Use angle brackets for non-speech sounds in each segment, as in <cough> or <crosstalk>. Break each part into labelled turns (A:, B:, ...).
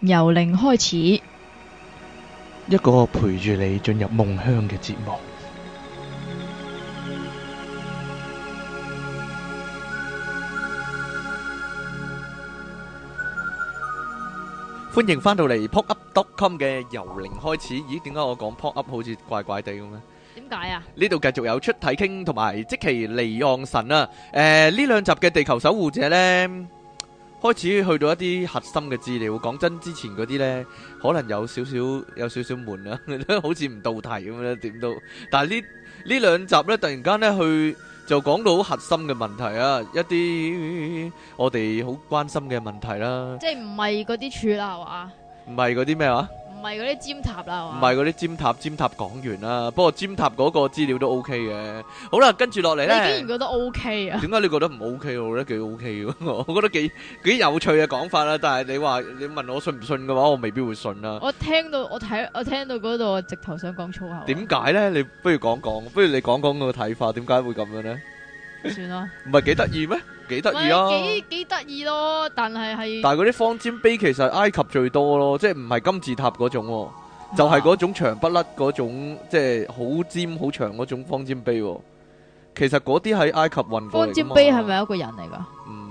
A: 由零開始，
B: 一個陪住你進入夢鄉嘅節目。歡迎翻到嚟 Pop up dotcom 嘅由零開始。咦，點解我講 Pop up 好似怪怪地咁呢？點
A: 解
B: 啊？呢度繼續有出體傾同埋即其離岸神啊！誒，呢兩集嘅地球守護者呢。開始去到一啲核心嘅資料，講真之前嗰啲呢，可能有少少有少少悶啦、啊， <laughs> 好似唔到題咁樣，點都。但係呢呢兩集呢，突然間呢，去就講到核心嘅問題啊，一啲 <laughs> 我哋好關心嘅問題啦、啊。即
A: 係唔係嗰啲處啦，係嘛？
B: 唔係嗰啲咩話？
A: 唔係嗰啲尖塔啦，唔係
B: 嗰啲尖塔，尖塔講完啦。不過尖塔嗰個資料都 OK 嘅。好啦，跟住落嚟咧，你竟
A: 然覺得 OK 啊？點
B: 解你覺得唔 OK 咯？我覺得幾 OK 嘅，我覺得幾幾有趣嘅講法啦。但係你話你問我信唔信嘅話，我未必會信啦。我
A: 聽到我睇我聽到嗰度，我直頭想講粗口。點
B: 解咧？你不如講講，不如你講講個睇法，點解會咁樣咧？算啦，唔係幾得意咩？幾得意啊？幾
A: 幾得意咯，但係係，但係
B: 嗰啲方尖碑其實埃及最多咯，即係唔係金字塔嗰種，就係、是、嗰種長不甩嗰種，即係好尖好長嗰種方尖碑。其實嗰啲喺埃及運過嚟。方尖碑係
A: 咪一個人嚟噶？嗯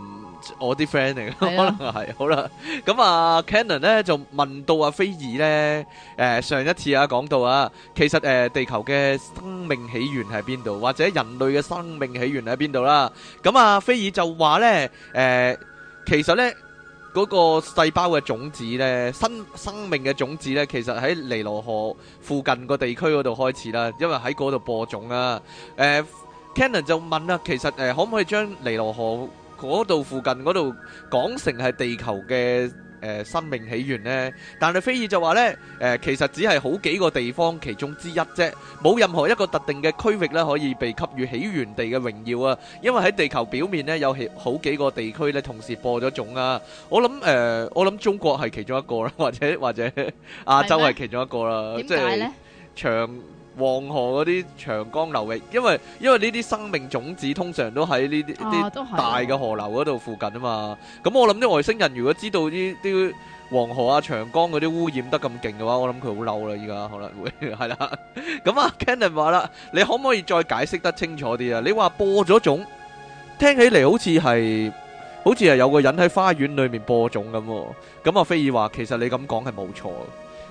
B: 我啲 friend 嚟，可能係好啦。咁啊，Cannon 咧就問到阿菲爾咧，誒上一次啊講到啊，其實誒地球嘅生命起源喺邊度，或者人類嘅生命起源喺邊度啦？咁啊，菲爾就話咧，誒其實咧嗰個細胞嘅種子咧，生生命嘅種子咧，其實喺尼羅河附近個地區嗰度開始啦，因為喺嗰度播種啊。誒，Cannon 就問啊，其實誒可唔可以將尼羅河？嗰度附近嗰度講成係地球嘅誒生命起源咧，但係菲爾就話咧誒，其實只係好幾個地方其中之一啫，冇任何一個特定嘅區域咧可以被給予起源地嘅榮耀啊，因為喺地球表面咧有好幾個地區咧同時播咗種啊，我諗誒，我諗中國係其中一個啦，或者或者亞洲係其中一個啦，即係長。黃河嗰啲長江流域，因為因為呢啲生命種子通常都喺呢啲啲大嘅河流嗰度附近啊嘛。咁我諗啲外星人如果知道呢啲黃河啊長江嗰啲污染得咁勁嘅話，我諗佢好嬲啦！依家可能會係啦。咁啊，Cannon 話啦，你可唔可以再解釋得清楚啲啊？你話播咗種，聽起嚟好似係好似係有個人喺花園裏面播種咁喎。咁啊，菲爾話其實你咁講係冇錯。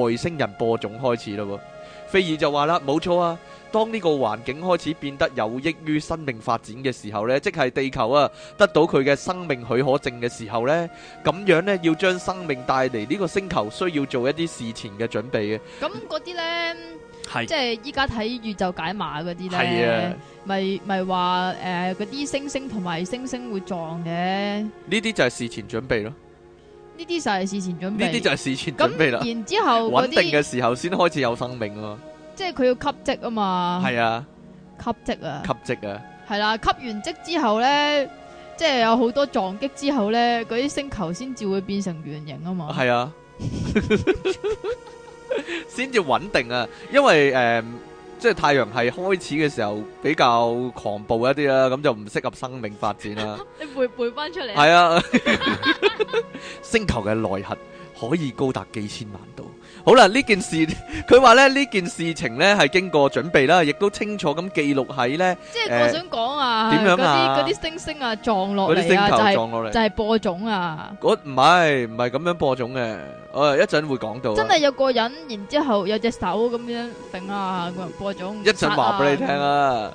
B: 外星人播種開始咯，菲爾就話啦，冇錯啊，當呢個環境開始變得有益於生命發展嘅時候呢，即係地球啊，得到佢嘅生命許可證嘅時候呢，咁樣呢要將生命帶嚟呢個星球，需要做一啲事前嘅準備嘅。
A: 咁嗰啲呢，是即係依家睇宇宙解碼嗰啲呢，咪咪話誒嗰啲星星同埋星星會撞嘅，
B: 呢啲就係事前準備咯。
A: 呢啲就係事前準備，呢啲就係事
B: 前準備啦。咁然
A: 之後穩定嘅時
B: 候先開始有生命咯，
A: 啊，即係佢要吸積是啊嘛。係啊，吸積啊，吸
B: 積啊，
A: 係啦，吸完積之後咧，即係有好多撞擊之後咧，嗰啲星球先至會變成圓形啊嘛。係
B: 啊，先至穩定啊，因為誒。嗯即係太陽系開始嘅時候比較狂暴一啲啦，咁就唔適合生命發展啦。
A: <laughs> 你背背翻出嚟。係啊，
B: 星球嘅內核可以高達幾千萬度。好啦，呢件事佢話咧，呢件事情咧係經過準備啦，亦都清楚咁記錄喺咧。即係我，呃，我想
A: 講啊，點樣嗰啲嗰啲星星啊撞落嚟啊，星球撞落嚟就係就係播種啊。
B: 嗰唔係唔係咁樣播種嘅。誒，一陣，哦、會講到，真係
A: 有個人，然之後有隻手咁樣頂下、啊，我播種一陣話俾你聽啦，
B: 嗯。啊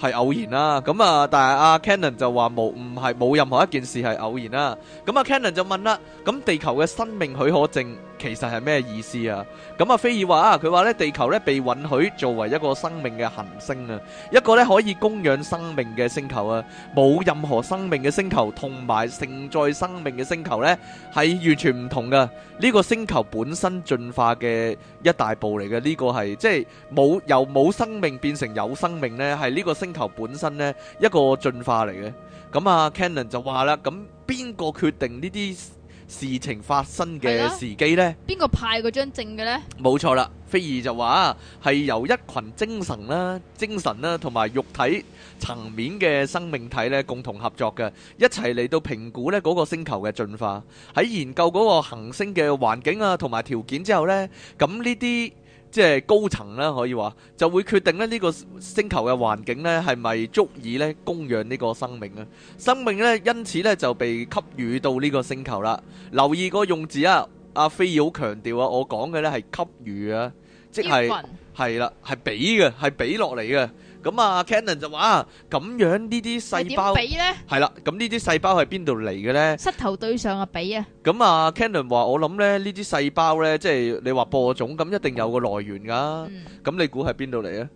B: 係偶然啦，咁啊，但係阿 Cannon 就話冇，唔係冇任何一件事係偶然啦。咁啊，Cannon 就問啦，咁地球嘅生命許可證其實係咩意思啊？咁啊，菲爾話啊，佢話咧，地球咧被允許作為一個生命嘅行星啊，一個咧可以供養生命嘅星球啊，冇任何生命嘅星球同埋承載生命嘅星球咧，係完全唔同噶。呢個星球本身進化嘅一大步嚟嘅，呢個係即係冇由冇生命變成有生命咧，係呢個星。星球本身呢，一個進化嚟嘅。咁啊，Cannon 就話啦，咁邊個決定呢啲事情發生嘅時機呢？
A: 邊個派嗰張證嘅呢？
B: 冇錯啦，菲爾就話啊，係由一群精神啦、精神啦同埋肉體層面嘅生命體咧共同合作嘅，一齊嚟到評估呢嗰個星球嘅進化，喺研究嗰個行星嘅環境啊同埋條件之後呢，咁呢啲。即係高層啦，可以話就會決定咧，呢個星球嘅環境咧係咪足以咧供養呢個生命咧？生命咧因此咧就被給予到呢個星球啦。留意個用字啊，阿菲爾好強調啊，我講嘅咧係給予啊，即係係啦，係俾嘅，係俾落嚟嘅。咁啊，Canon 就話咁樣呢啲細胞係啦，咁呢啲細胞係邊度嚟嘅咧？
A: 膝頭對上啊，髀啊！
B: 咁啊，Canon 話我諗咧，呢啲細胞咧，即係你話播種，咁一定有個來源噶。咁你估係邊度嚟啊？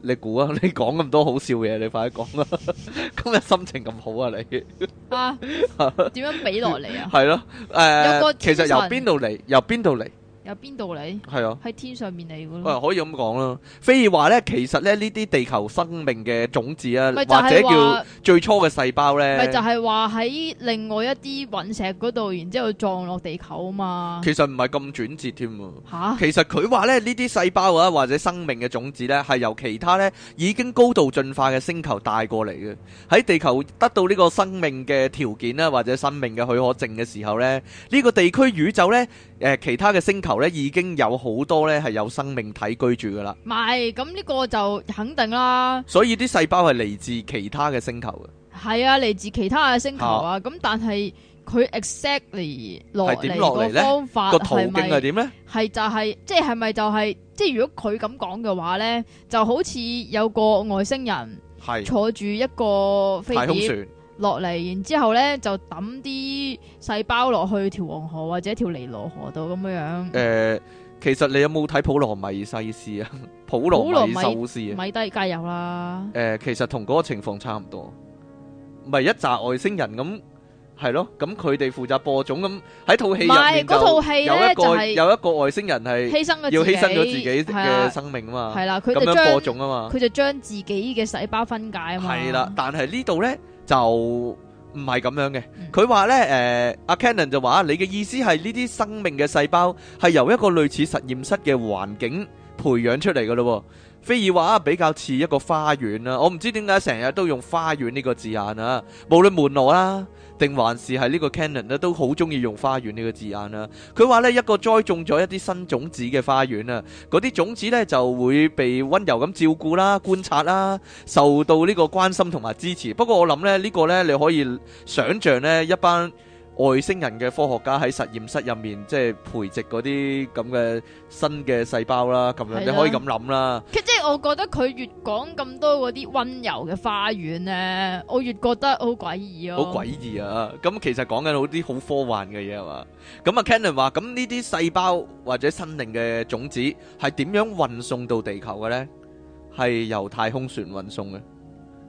B: 你估啊？你講咁多好笑嘢，你快啲講啦！今日心情咁好啊，你啊？點樣俾落嚟啊？係咯，誒，其實由邊度嚟？由邊度嚟？
A: 有邊度嚟？係啊，喺天上面嚟噶。喂，可以
B: 咁講啦。非爾話呢，其實咧，呢啲地球生命嘅種子啊，是是或者叫最初嘅細胞呢，咪就係
A: 話喺另外一啲隕石嗰度，然之後撞落地球啊嘛。其
B: 實唔係咁轉折添啊。吓，其實佢話咧，呢啲細胞啊，或者生命嘅種子呢，係由其他呢已經高度進化嘅星球帶過嚟嘅。喺地球得到呢個生命嘅條件啦，啊，或者生命嘅許可證嘅時候呢，呢，這個地區宇宙呢，誒，其他嘅星球咧，已經有好多咧，係有生命體居住噶啦，
A: 咪咁呢個就肯定啦。
B: 所以啲細胞係嚟自其他嘅星球
A: 嘅，係啊，嚟自其他嘅星球啊。咁、啊、但係佢 exactly 落嚟嘅方法係咪個途徑係點咧？係就係即係咪就係即係如果佢咁講嘅話咧，就好似有個外星人係坐住一個飛、啊、太空船。落嚟，然之後咧就抌啲細胞落去條黃河或者條尼羅河度咁樣。
B: 誒，其實你有冇睇普羅米西斯啊？普羅米修斯，米
A: 低皆有啦。
B: 誒，其實同嗰個情況差唔多，唔係一集外星人咁，係咯，咁佢哋負責播種咁，喺套戲入面就有一個有一個外星人係犧牲咗要犧牲咗自己嘅生命啊嘛，係啦，佢咁樣播種啊嘛，佢就
A: 將自己嘅細胞分解啊嘛，係啦，
B: 但係呢度咧。就唔係咁樣嘅，佢話、嗯、呢，誒、呃，阿 Canon 就話你嘅意思係呢啲生命嘅細胞係由一個類似實驗室嘅環境培養出嚟嘅咯喎。菲爾話比較似一個花園啊。我唔知點解成日都用花園呢個字眼啊。無論門羅啦，定還是係呢個 Canon 咧，都好中意用花園呢個字眼啊。佢話呢，一個栽種咗一啲新種子嘅花園啊，嗰啲種子呢就會被温柔咁照顧啦、觀察啦、受到呢個關心同埋支持。不過我諗呢，呢個呢你可以想像呢一班外星人嘅科學家喺實驗室入面，即係培植嗰啲咁嘅新嘅細胞啦，咁樣你可以咁諗啦。佢
A: 即係我覺得佢越講咁多嗰啲温柔嘅花園咧，我越覺得好詭異咯。好詭
B: 異啊！咁其實講緊好啲好科幻嘅嘢係嘛？咁啊，Cannon 話：咁呢啲細胞或者生命嘅種子係點樣運送到地球嘅咧？係由太空船運送嘅。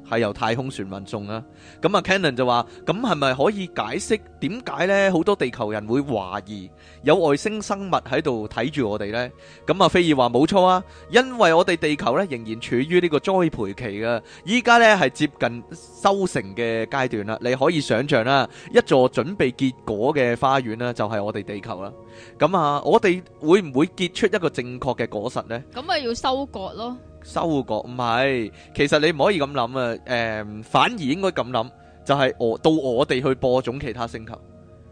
B: 係由太空船運送啦、啊。咁啊 Canon 就話：「咁係咪可以解釋點解呢？好多地球人會懷疑有外星生物喺度睇住我哋呢？」咁啊，菲爾話冇錯啊，因為我哋地球呢仍然處於呢個栽培期噶，依家呢係接近收成嘅階段啦。你可以想象啦，一座準備結果嘅花園呢，就係、是、我哋地球啦。咁啊，我哋會唔會結出一個正確嘅果實呢？
A: 咁咪要收割咯。
B: 收穫唔係，其實你唔可以咁諗啊！誒、嗯，反而應該咁諗，就係、是、我到我哋去播種其他星球。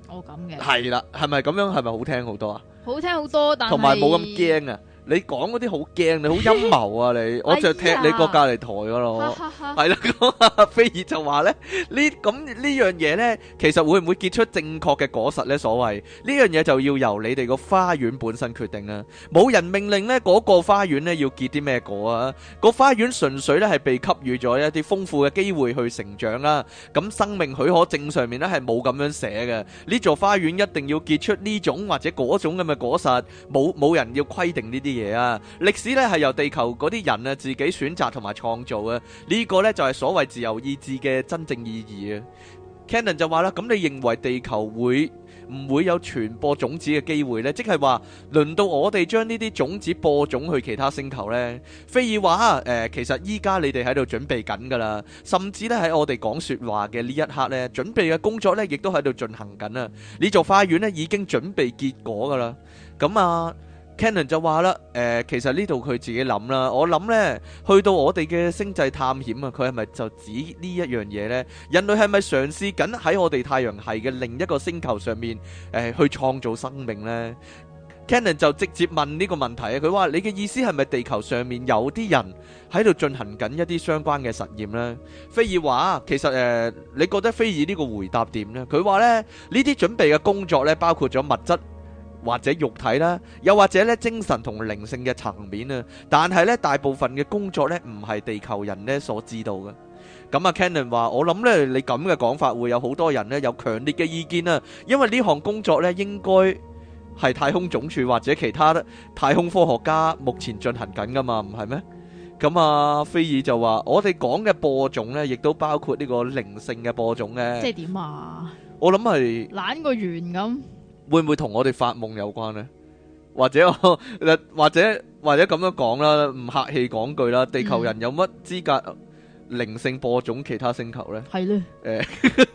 A: 哦，咁嘅。係
B: 啦，係咪咁樣？係咪好聽好多啊？
A: 好聽好多，但係同埋冇咁
B: 驚啊！你講嗰啲好驚，你好陰謀啊！你我著踢你個隔離台噶咯，係啦。講下飛爾就話咧，呢咁呢樣嘢咧，其實會唔會結出正確嘅果實咧？所謂呢樣嘢就要由你哋個花園本身決定啊！冇人命令咧嗰個花園咧要結啲咩果啊！個花園純粹咧係被給予咗一啲豐富嘅機會去成長啦。咁生命許可證上面咧係冇咁樣寫嘅，呢座花園一定要結出呢種或者嗰種咁嘅果實，冇冇人要規定呢啲。嘢啊！歷史咧係由地球嗰啲人啊自己選擇同埋創造嘅，呢、呢個呢，就係所謂自由意志嘅真正意義啊。Cannon 就話啦，咁你認為地球會唔會有傳播種子嘅機會咧？即係話，輪到我哋將呢啲種子播種去其他星球咧？菲爾話，誒、呃，其實依家你哋喺度準備緊噶啦，甚至咧喺我哋講說話嘅呢一刻呢，準備嘅工作呢，亦都喺度進行緊啊！呢座花園咧已經準備結果噶啦，咁啊！Cannon 就話啦，誒、呃，其實呢度佢自己諗啦，我諗呢，去到我哋嘅星際探險啊，佢係咪就指呢一樣嘢呢？人類係咪嘗試緊喺我哋太陽系嘅另一個星球上面，誒、呃，去創造生命呢？Cannon 就直接問呢個問題啊，佢話你嘅意思係咪地球上面有啲人喺度進行緊一啲相關嘅實驗呢？菲爾話啊，其實誒、呃，你覺得菲爾呢個回答點呢？佢話呢，呢啲準備嘅工作咧，包括咗物質。或者肉體啦，又或者咧精神同靈性嘅層面啊，但係咧大部分嘅工作咧唔係地球人咧所知道嘅。咁啊，Cannon 話：我諗咧你咁嘅講法會有好多人咧有強烈嘅意見啊，因為呢項工作咧應該係太空總署或者其他咧太空科學家目前進行緊噶嘛，唔係咩？咁啊，菲爾就話：我哋講嘅播種咧，亦都包括呢個靈性嘅播種咧。即係
A: 點啊？我諗係懶個圓咁。
B: 會唔會同我哋發夢有關呢？或者或者或者咁樣講啦，唔客氣講句啦，地球人有乜資格靈性播種其他星球呢？係囉，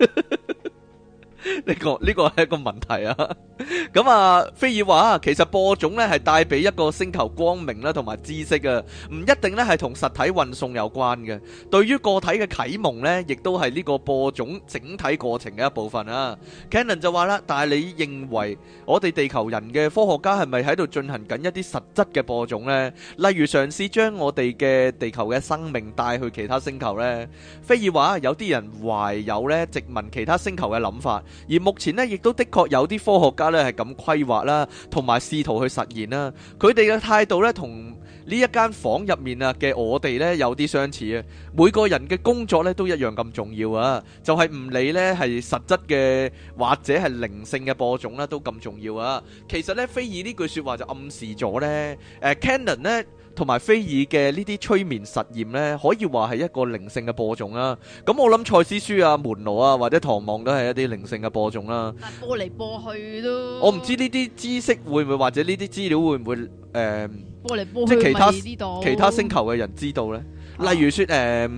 B: 呢、 <laughs> 這個呢、這個係一個問題啊、 <laughs> 嗯！咁啊，菲爾話其實播種呢係帶俾一個星球光明啦，同埋知識啊。唔一定呢係同實體運送有關嘅。對於個體嘅啟蒙呢，亦都係呢個播種整體過程嘅一部分啊。Cannon 就話啦，但係你認為我哋地球人嘅科學家係咪喺度進行緊一啲實質嘅播種呢？例如嘗試將我哋嘅地球嘅生命帶去其他星球呢？菲爾話有啲人懷有呢殖民其他星球嘅諗法。而目前呢，亦都的確有啲科學家呢係咁規劃啦，同埋試圖去實現啦。佢哋嘅態度呢，同呢一間房入面啊嘅我哋呢，有啲相似啊。每個人嘅工作呢，都一樣咁重要啊，就係唔理呢係實質嘅或者係靈性嘅播種啦，都咁重要啊。其實呢，菲爾呢句説話就暗示咗呢，誒、呃，Cannon 呢。同埋菲爾嘅呢啲催眠實驗咧，可以話係一個靈性嘅播種啦、啊。咁、嗯、我諗賽斯書啊、門羅啊或者唐望都係一啲靈性嘅播種啦、
A: 啊。但播嚟播去都，
B: 我唔知呢啲知識會唔會或者呢啲資料會唔會誒、
A: 呃、即係其他其他星
B: 球嘅人知道咧、啊呃。例如説誒，例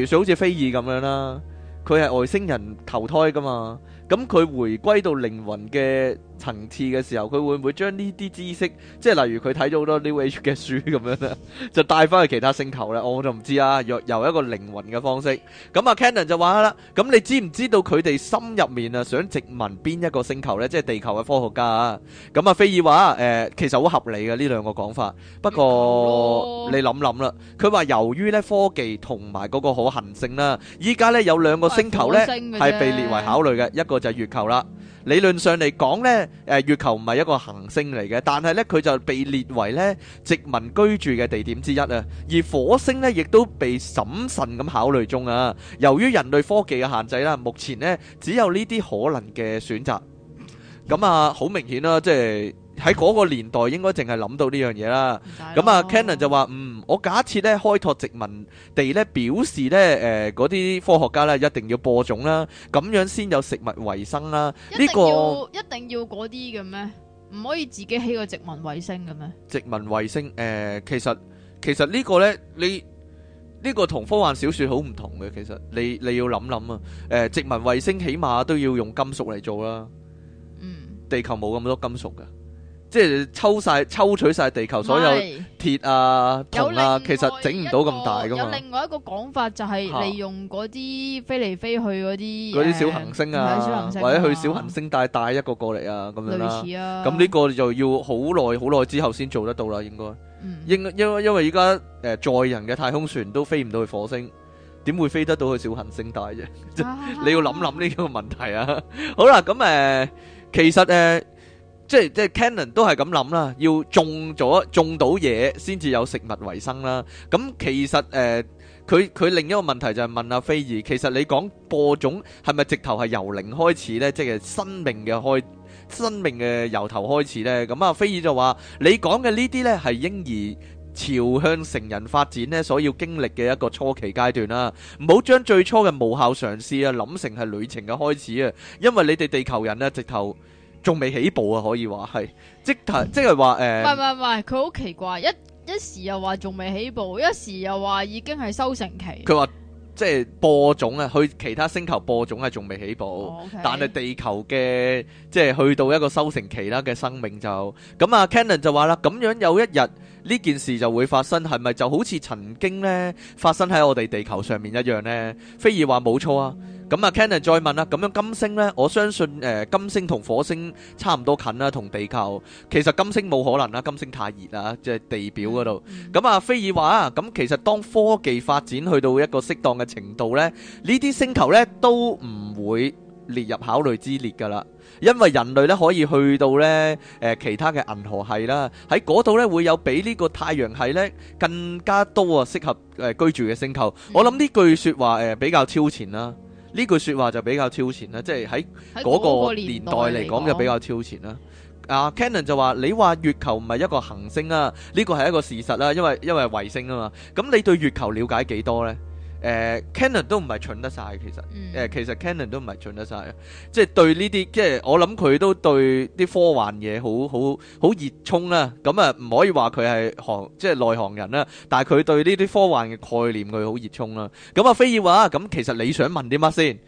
B: 如説好似菲爾咁樣啦，佢係外星人投胎噶嘛。咁佢迴歸到靈魂嘅層次嘅時候，佢會唔會將呢啲知識，即係例如佢睇咗好多 New Age 嘅書咁樣咧，就帶翻去其他星球咧？我就唔知啊。若由一個靈魂嘅方式，咁啊 Cannon 就話啦，咁你知唔知道佢哋心入面啊想殖民邊一個星球咧？即係地球嘅科學家啊，咁啊菲爾話誒，其實好合理嘅呢兩個講法。不過你諗諗啦，佢話由於咧科技同埋嗰個可行性啦，依家咧有兩個星球咧係被列為考慮嘅一個。就月球啦，理論上嚟講呢，誒月球唔係一個行星嚟嘅，但係呢佢就被列為呢殖民居住嘅地點之一啊。而火星呢亦都被審慎咁考慮中啊。由於人類科技嘅限制啦，目前呢只有呢啲可能嘅選擇。咁啊，好明顯啦，即係。喺嗰個年代應該淨係諗到呢樣嘢啦。咁啊，Cannon 就話：嗯，我假設咧開拓殖民地咧，表示咧誒嗰啲科學家咧一定要播種啦，咁樣先有食物維生啦。呢個
A: 一定要嗰啲嘅咩？唔可以自己起個殖民衛星嘅咩？
B: 殖民衛星，誒，其實其實呢個咧，你呢個同科幻小説好唔同嘅。其實你你要諗諗啊。誒，殖民衛星起碼都要用金屬嚟做啦。嗯，地球冇咁多金屬㗎。即係抽晒抽取晒地球所有鐵啊銅啊，其實整唔到咁大噶嘛。咁有另
A: 外一個講法就係利用嗰啲飛嚟飛去嗰啲嗰啲小行星啊，或者去小
B: 行星帶帶一個過嚟啊，咁樣啦。類似啊。咁呢個就要好耐好耐之後先做得到啦，應該。應因因為依家誒載人嘅太空船都飛唔到去火星，點會飛得到去小行星帶啫？你要諗諗呢個問題啊。好啦，咁誒，其實誒。即係即係 Canon 都係咁諗啦，要種咗種到嘢先至有食物為生啦。咁其實誒，佢佢另一個問題就係問阿菲爾，其實你講播種係咪直頭係由零開始呢？即係生命嘅開，生命嘅由頭開始呢？咁啊，菲爾就話：你講嘅呢啲呢係嬰兒朝向成人發展呢所要經歷嘅一個初期階段啦。唔好將最初嘅無效嘗試啊諗成係旅程嘅開始啊，因為你哋地球人呢直頭，仲未起步啊，可以話係，即係即係話誒，唔係
A: 唔係，佢好奇怪，一一時又話仲未起步，一時又話已經係收成期。
B: 佢話即係播種啊，去其他星球播種啊，仲未起步，哦 okay，但係地球嘅即係去到一個收成期啦嘅生命就，咁啊 Cannon 就話啦，咁樣有一日呢件事就會發生，係咪就好似曾經呢發生喺我哋地球上面一樣呢，嗯、非兒話冇錯啊。嗯咁啊，Cannon 再問啦。咁樣金星咧，我相信誒金星同火星差唔多近啦，同地球其實金星冇可能啦，金星太熱啦，即係地表嗰度。咁啊，菲爾話啊，咁其實當科技發展去到一個適當嘅程度咧，呢啲星球咧都唔會列入考慮之列㗎啦，因為人類咧可以去到咧誒其他嘅銀河系啦，喺嗰度咧會有比呢個太陽系咧更加多啊適合誒居住嘅星球。我諗呢句説話誒比較超前啦。呢句説話就比較超前啦，即係喺嗰個年代嚟講就比較超前啦。那個、啊，Cannon 就話：你話月球唔係一個行星啊，呢、這個係一個事實啦、啊，因為因為衛星啊嘛。咁你對月球了解幾多呢？誒、uh, Cannon 都唔係蠢得晒，其實誒、嗯呃、其實 Cannon 都唔係蠢得晒，即、就、係、是、對呢啲即係我諗佢都對啲科幻嘢好好好熱衷啦。咁啊，唔可以話佢係行即係內行人啦，但係佢對呢啲科幻嘅概念佢好熱衷啦。咁啊，菲爾話咁，其實你想問啲乜先？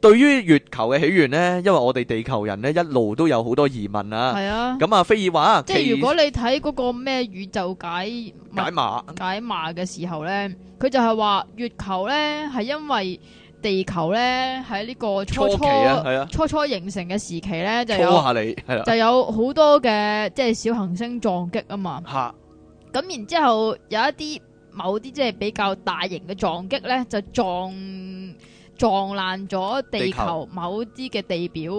B: 對於月球嘅起源咧，因為我哋地球人咧一路都有好多疑問啊。係啊，咁啊，菲爾話，即係如果你
A: 睇嗰個咩宇宙解解碼解碼嘅時候咧，佢就係話月球咧係因為地球咧喺呢個初，初，初期啊，係啊，初期形成嘅時期咧就有，係
B: 啦、啊，就有
A: 好多嘅即係小行星撞擊啊嘛。吓、啊，咁然之後有一啲某啲即係比較大型嘅撞擊咧，就撞。撞爛咗地球某啲嘅地表，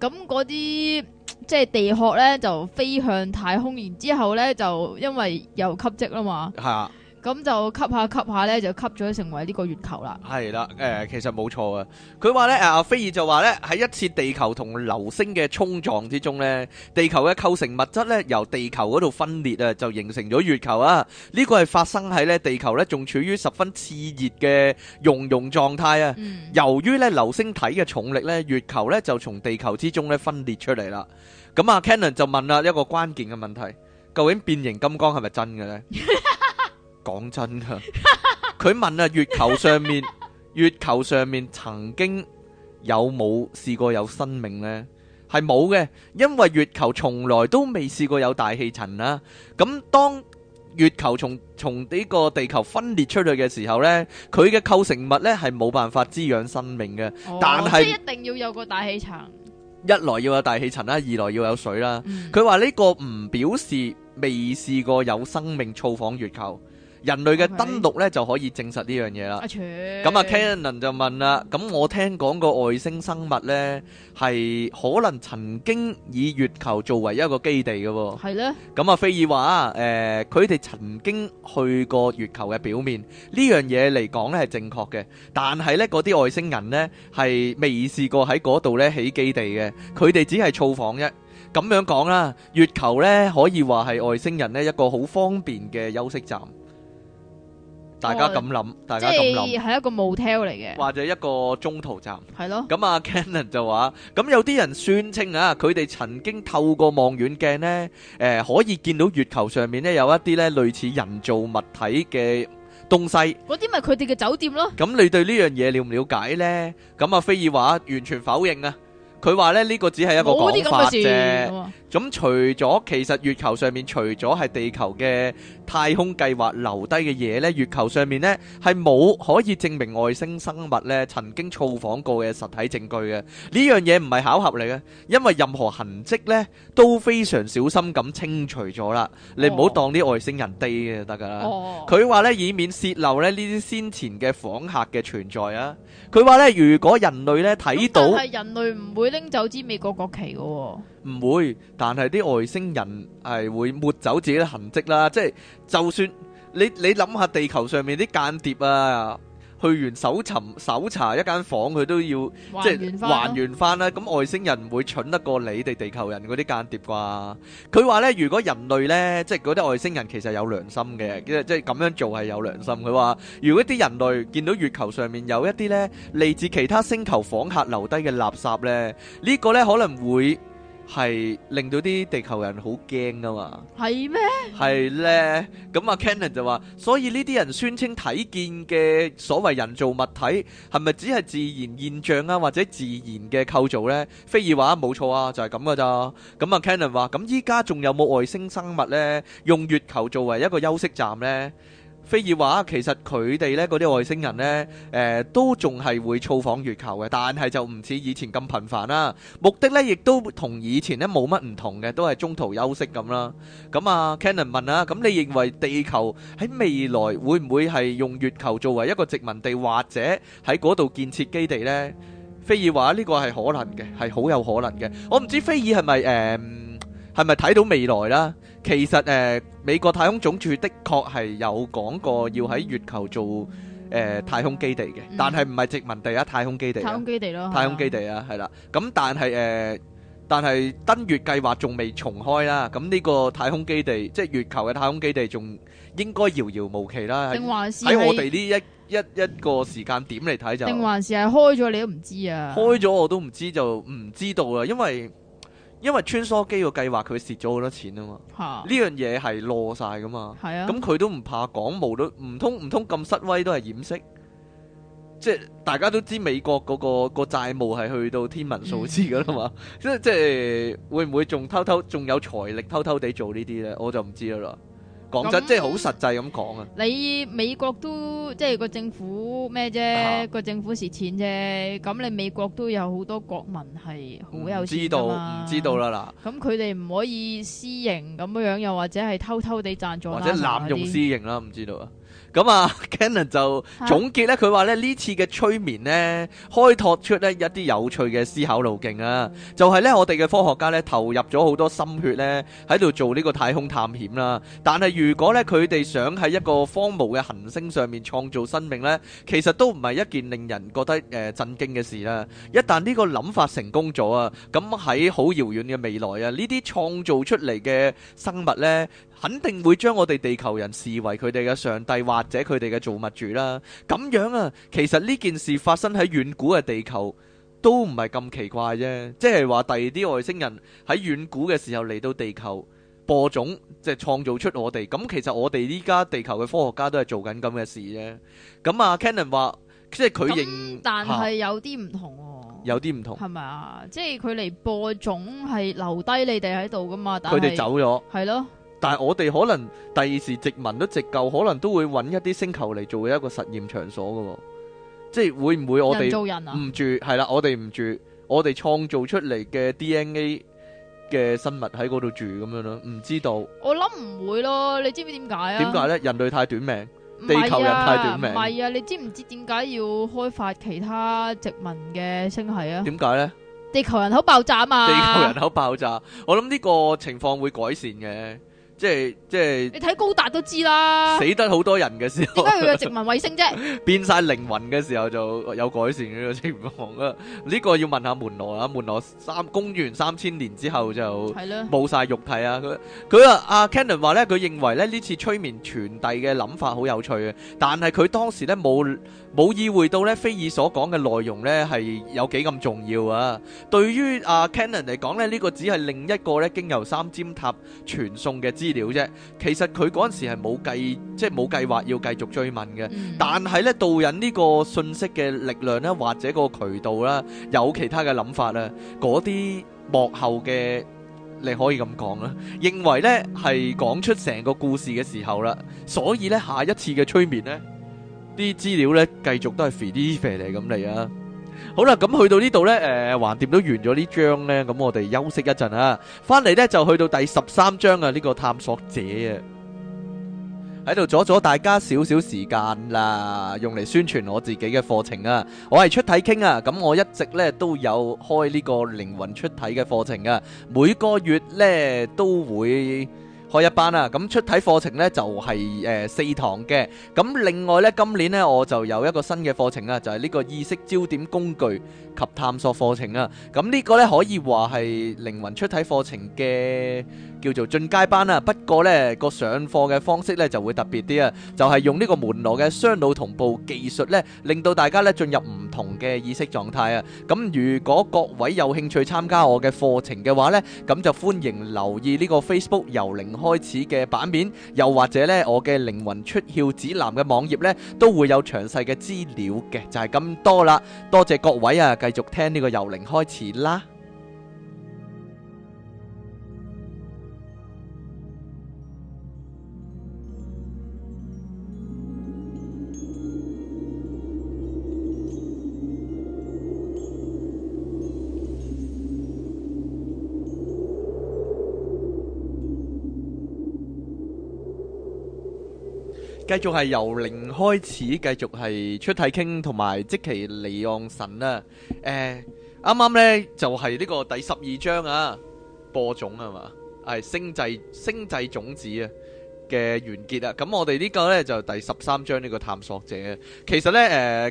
A: 咁嗰啲即係地殼咧就飛向太空，然之後咧就因為又吸積啦嘛。係。咁就吸下吸下咧，就吸咗成為呢個月球啦。係
B: 啦，誒、呃，其實冇錯啊。佢話咧，阿菲爾就話咧，喺一次地球同流星嘅衝撞之中咧，地球嘅構成物質咧由地球嗰度分裂啊，就形成咗月球啊。呢個係發生喺咧地球咧仲處於十分熾熱嘅熔融狀態啊。嗯、由於咧流星體嘅重力咧，月球咧就從地球之中咧分裂出嚟啦。咁啊 Cannon 就問啦一個關鍵嘅問題：究竟變形金剛係咪真嘅咧？ <laughs> 講真噶，佢問啊，月球上面月球上面曾經有冇試過有生命呢？係冇嘅，因為月球從來都未試過有大氣層啦。咁當月球從從呢個地球分裂出去嘅時候呢，佢嘅構成物呢係冇辦法滋養生命嘅。哦，但係即係一
A: 定要有個大氣層。
B: 一來要有大氣層啦，二來要有水啦，啊。佢話呢個唔表示未試過有生命造訪月球。人類嘅登陸咧，就可以證實呢樣嘢啦。
A: 咁啊 Cannon
B: 就問啦，咁我聽講個外星生物呢，係可能曾經以月球作為一個基地嘅喎、哦。係咧呢。咁啊，菲爾話啊，佢、呃、哋曾經去過月球嘅表面，呢樣嘢嚟講咧係正確嘅。但係呢嗰啲外星人呢，係未試過喺嗰度咧起基地嘅，佢哋只係造訪啫。咁樣講啦，月球呢，可以話係外星人咧一個好方便嘅休息站。大家咁諗，大家咁諗，係
A: 一個 motel 嚟嘅，或
B: 者一個中途站。係咯。咁阿 Cannon 就話，咁有啲人宣稱啊，佢哋曾經透過望遠鏡咧，誒可以見到月球上面咧有一啲咧類似人造物體嘅東西。
A: 嗰啲咪佢哋嘅酒店咯。
B: 咁你對呢樣嘢了唔了解咧？咁阿菲爾話完全否認啊。佢話咧呢、呢個只係一個講法啫。咁除咗其實月球上面除咗係地球嘅太空計劃留低嘅嘢咧，月球上面咧係冇可以證明外星生物咧曾經造訪過嘅實體證據嘅。呢樣嘢唔係巧合嚟嘅，因為任何痕跡咧都非常小心咁清除咗啦。你唔好當啲外星人低嘅就得噶啦。佢話咧以免泄漏咧呢啲先前嘅訪客嘅存在啊。佢話咧如果人類咧睇到，係、哦
A: 哦、人類唔會咧。拎走支美國國旗喎、哦，
B: 唔會，但係啲外星人係會抹走自己嘅痕跡啦，即係就算你你諗下地球上面啲間諜啊。去完搜尋搜查一間房，佢都要即係還原翻啦。咁、嗯、外星人唔會蠢得過你哋地球人嗰啲間諜啩？佢話呢，如果人類呢，即係嗰啲外星人其實有良心嘅，即係咁樣做係有良心。佢話如果啲人類見到月球上面有一啲呢，嚟自其他星球訪客留低嘅垃圾呢，呢、呢個呢可能會。係令到啲地球人好驚噶嘛？
A: 係咩嗎？係
B: 咧。咁啊，Cannon 就話：所以呢啲人宣稱睇見嘅所謂人造物體，係咪只係自然現象啊？或者自然嘅構造呢？菲爾話：冇錯啊，就係咁噶咋。咁啊，Cannon 話：咁依家仲有冇外星生物呢？用月球作為一個休息站呢？」菲爾話：其實佢哋呢嗰啲外星人呢，誒、呃、都仲係會造訪月球嘅，但係就唔似以前咁頻繁啦、啊。目的呢，亦都同以前呢冇乜唔同嘅，都係中途休息咁啦。咁、嗯、啊，Cannon 問啦、啊：咁、嗯、你認為地球喺未來會唔會係用月球作為一個殖民地，或者喺嗰度建設基地呢？菲爾話：呢個係可能嘅，係好有可能嘅。我唔知菲爾係咪誒。呃係咪睇到未來啦？其實誒、呃，美國太空總署的確係有講過要喺月球做誒、呃、太空基地嘅，嗯、但係唔係殖民地啊，太空基地。太空基地咯，
A: 太空基
B: 地啊，係啦。咁但係誒，但係、呃、登月計劃仲未重開啦。咁、嗯、呢、這個太空基地，即係月球嘅太空基地，仲應該遙遙無期啦。定還是喺我哋呢一一一,一,一個時間點嚟睇就？定還
A: 是係開咗你都唔知啊？開
B: 咗我都唔知就唔知道啦，因為。因為穿梭機個計劃佢蝕咗好多錢啊嘛，呢哈樣嘢係落晒噶嘛，咁佢、啊、都唔怕講，無都唔通唔通咁失威，都係掩飾，即係大家都知美國嗰、嗰個、嗰個債務係去到天文數字噶啦嘛， <laughs> 即係即係會唔會仲偷偷仲有財力偷偷地做呢啲咧？我就唔知啦。講真，那即係好實際咁講啊！
A: 你美國都即係個政府咩啫？啊、個政府蝕錢啫。咁你美國都有好多國民係好有知道唔
B: 知道啦嗱。
A: 咁佢哋唔可以私營咁樣樣，又或者係偷偷地贊助，或者濫用私
B: 營啦，唔些知道啊？咁啊，Cannon 就總結咧，佢話咧，呢次嘅催眠咧，開拓出咧一啲有趣嘅思考路徑啊！就係、是、咧，我哋嘅科學家咧投入咗好多心血咧，喺度做呢個太空探險啦、啊。但係如果咧佢哋想喺一個荒蕪嘅行星上面創造生命咧，其實都唔係一件令人覺得誒、呃、震驚嘅事啦、啊。一旦呢個諗法成功咗啊，咁喺好遙遠嘅未來啊，呢啲創造出嚟嘅生物咧，肯定會將我哋地球人視為佢哋嘅上帝或～或者佢哋嘅造物主啦，咁樣啊，其實呢件事發生喺遠古嘅地球都唔係咁奇怪啫，即係話第二啲外星人喺遠古嘅時候嚟到地球播種，即係創造出我哋。咁其實我哋依家地球嘅科學家都係做緊咁嘅事啫。咁啊，Cannon 話，即係佢認但、哦，但係
A: 有啲唔同，
B: 有啲唔同，係
A: 咪啊？即係佢嚟播種係留低你哋喺度噶嘛？但係，佢哋走咗，係咯。
B: 但係我哋可能第二時殖民都直夠，可能都會揾一啲星球嚟做一個實驗場所噶、哦，即係會唔會我哋唔住係啦、啊？我哋唔住，我哋創造出嚟嘅 D N A 嘅生物喺嗰度住咁樣咯，唔知道。
A: 我諗唔會咯，你知唔知點解啊？點解
B: 咧？人類太短命，啊、地球人太短命，係
A: 啊！你知唔知點解要開發其他殖民嘅星系啊？點解咧？地球人口爆炸啊！嘛，地球人
B: 口爆炸，我諗呢個情況會改善嘅。即係即係，你
A: 睇高達都知啦，死
B: 得好多人嘅時候，點解佢嘅殖民
A: 衛星啫？
B: 變晒靈魂嘅時候就有改善嘅呢個情況啊！呢個要問下門羅啊，門羅三公元三千年之後就冇晒肉體啊！佢佢啊阿 Cannon 話咧，佢認為咧呢次催眠傳遞嘅諗法好有趣嘅，但係佢當時咧冇冇意會到咧菲爾所講嘅內容咧係有幾咁重要啊！對於阿 Cannon 嚟講咧，呢個只係另一個咧經由三尖塔傳送嘅。資料啫，其實佢嗰陣時係冇計，即係冇計劃要繼續追問嘅。但係咧，導引呢個信息嘅力量咧，或者個渠道啦，有其他嘅諗法啦。嗰啲幕後嘅，你可以咁講啦。認為咧係講出成個故事嘅時候啦，所以咧下一次嘅催眠咧，啲資料咧繼續都係 feed 啲 feed 嚟咁嚟啊。好啦，咁去到呢度呢，誒、呃，橫掂都完咗呢章呢。咁我哋休息一陣啊，翻嚟，呢就去到第十三章啊，呢、呢個探索者啊，喺度阻咗大家少少時間啦，用嚟宣傳我自己嘅課程啊，我係出體傾啊，咁我一直呢都有開呢個靈魂出體嘅課程啊，每個月呢都會。我一班啊，咁出體課程呢就係、是、誒、呃、四堂嘅，咁另外呢，今年呢我就有一個新嘅課程啊，就係、是、呢個意識焦點工具及探索課程啊，咁呢個呢可以話係靈魂出體課程嘅。叫做進階班啦，不過呢個上課嘅方式呢就會特別啲啊，就係用呢個門羅嘅雙腦同步技術呢，令到大家呢進入唔同嘅意識狀態啊。咁如果各位有興趣參加我嘅課程嘅話呢，咁就歡迎留意呢個 Facebook 由零開始嘅版面，又或者呢我嘅靈魂出竅指南嘅網頁呢都會有詳細嘅資料嘅，就係咁多啦。多謝各位啊，繼續聽呢個由零開始啦。繼續係由零開始，繼續係出體傾同埋即期離岸神啦、啊。誒啱啱呢就係、是、呢個第十二章啊，播種啊嘛係星際星際種子啊。嘅完結啊。咁我哋呢個呢，就第十三章呢個探索者，其實呢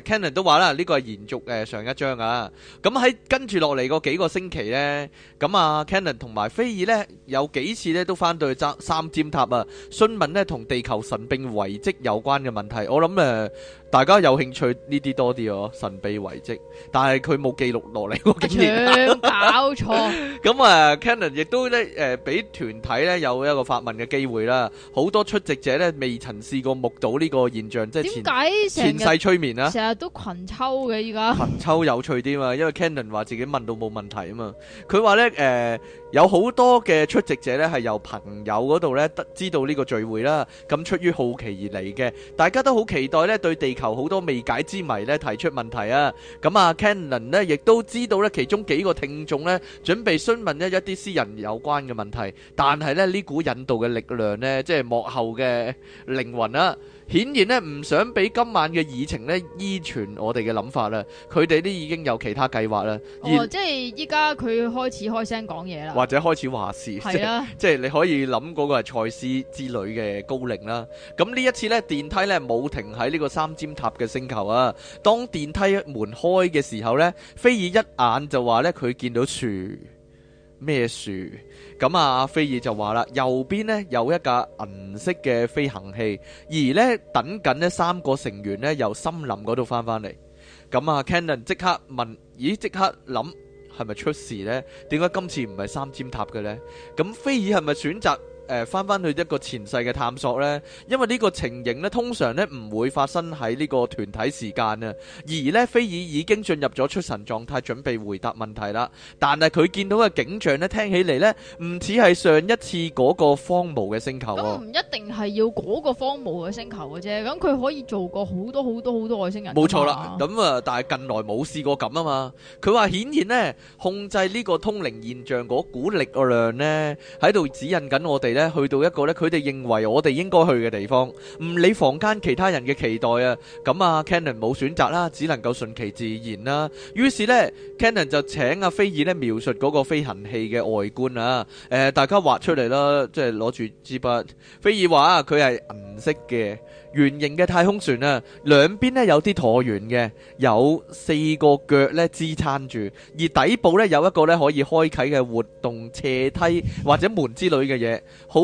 B: 誒，Cannon、呃、都話啦，呢、呢個係延續誒上一章啊，咁喺跟住落嚟嗰幾個星期呢，咁啊 Cannon 同埋菲爾呢，有幾次呢都翻到去三尖塔啊，詢問呢同地球神兵遺蹟有關嘅問題，我諗誒。呃大家有興趣呢啲多啲哦，神秘遺跡，但係佢冇記錄落嚟我經驗。啊、
A: <laughs> 搞錯、 <laughs> 嗯。
B: 咁、uh, 啊，Cannon 亦都咧誒，俾、呃、團體咧有一個發問嘅機會啦。好多出席者咧未曾試過目睹呢個現象，即係為何 前前世催眠啦。成
A: 日都群抽嘅依家。 <laughs> 群
B: 抽有趣啲嘛？因為 Cannon 話自己問到冇問題啊嘛。佢話咧誒。呃有好多嘅出席者咧，係由朋友嗰度咧得知道呢個聚會啦。咁出於好奇而嚟嘅，大家都好期待咧，對地球好多未解之謎咧提出問題啊。咁啊，Cannon 咧亦都知道咧，其中幾個聽眾咧準備詢問一一啲私人有關嘅問題，但係咧呢股引導嘅力量呢，即係幕後嘅靈魂啦。顯然咧唔想俾今晚嘅議程咧依存我哋嘅諗法啦，佢哋咧已經有其他計劃啦。哦，而即
A: 係依家佢開始開聲講嘢啦，
B: 或者開始話事。係啦、啊，即係你可以諗嗰個係賽斯之類嘅高齡啦。咁呢一次呢，電梯呢冇停喺呢個三尖塔嘅星球啊。當電梯門開嘅時候呢，菲爾一眼就話呢，佢見到樹。咩樹？咁啊，菲爾就話啦，右邊呢有一架銀色嘅飛行器，而呢等緊呢三個成員呢由森林嗰度翻返嚟。咁啊，Cannon 即刻問，咦，即刻諗係咪出事呢？點解今次唔係三尖塔嘅呢？」咁菲爾係咪選擇？誒，翻翻去一個前世嘅探索咧，因為呢個情形咧，通常咧唔會發生喺呢個團體時間啊。而咧，菲爾已經進入咗出神狀態，準備回答問題啦。但係佢見到嘅景象咧，聽起嚟咧，唔似係上一次嗰個荒蕪嘅星球啊。唔
A: 一定係要嗰個荒蕪嘅星球嘅啫，咁佢可以做過好多好多好多外星人。冇錯啦，
B: 咁啊，但係近來冇試過咁啊嘛。佢話顯然咧，控制呢個通靈現象嗰股力量咧，喺度指引緊我哋。咧去到一個咧，佢哋認為我哋應該去嘅地方，唔理房間其他人嘅期待啊，咁啊，Cannon 冇選擇啦，只能夠順其自然啦。於是呢 Cannon 就請阿菲爾咧描述嗰個飛行器嘅外觀啊，誒，大家畫出嚟啦，即係攞住支筆。菲爾話佢係銀色嘅，圓形嘅太空船啊，兩邊呢有啲橢圓嘅，有四個腳呢支撐住，而底部呢有一個呢可以開啟嘅活動斜梯或者門之類嘅嘢，好。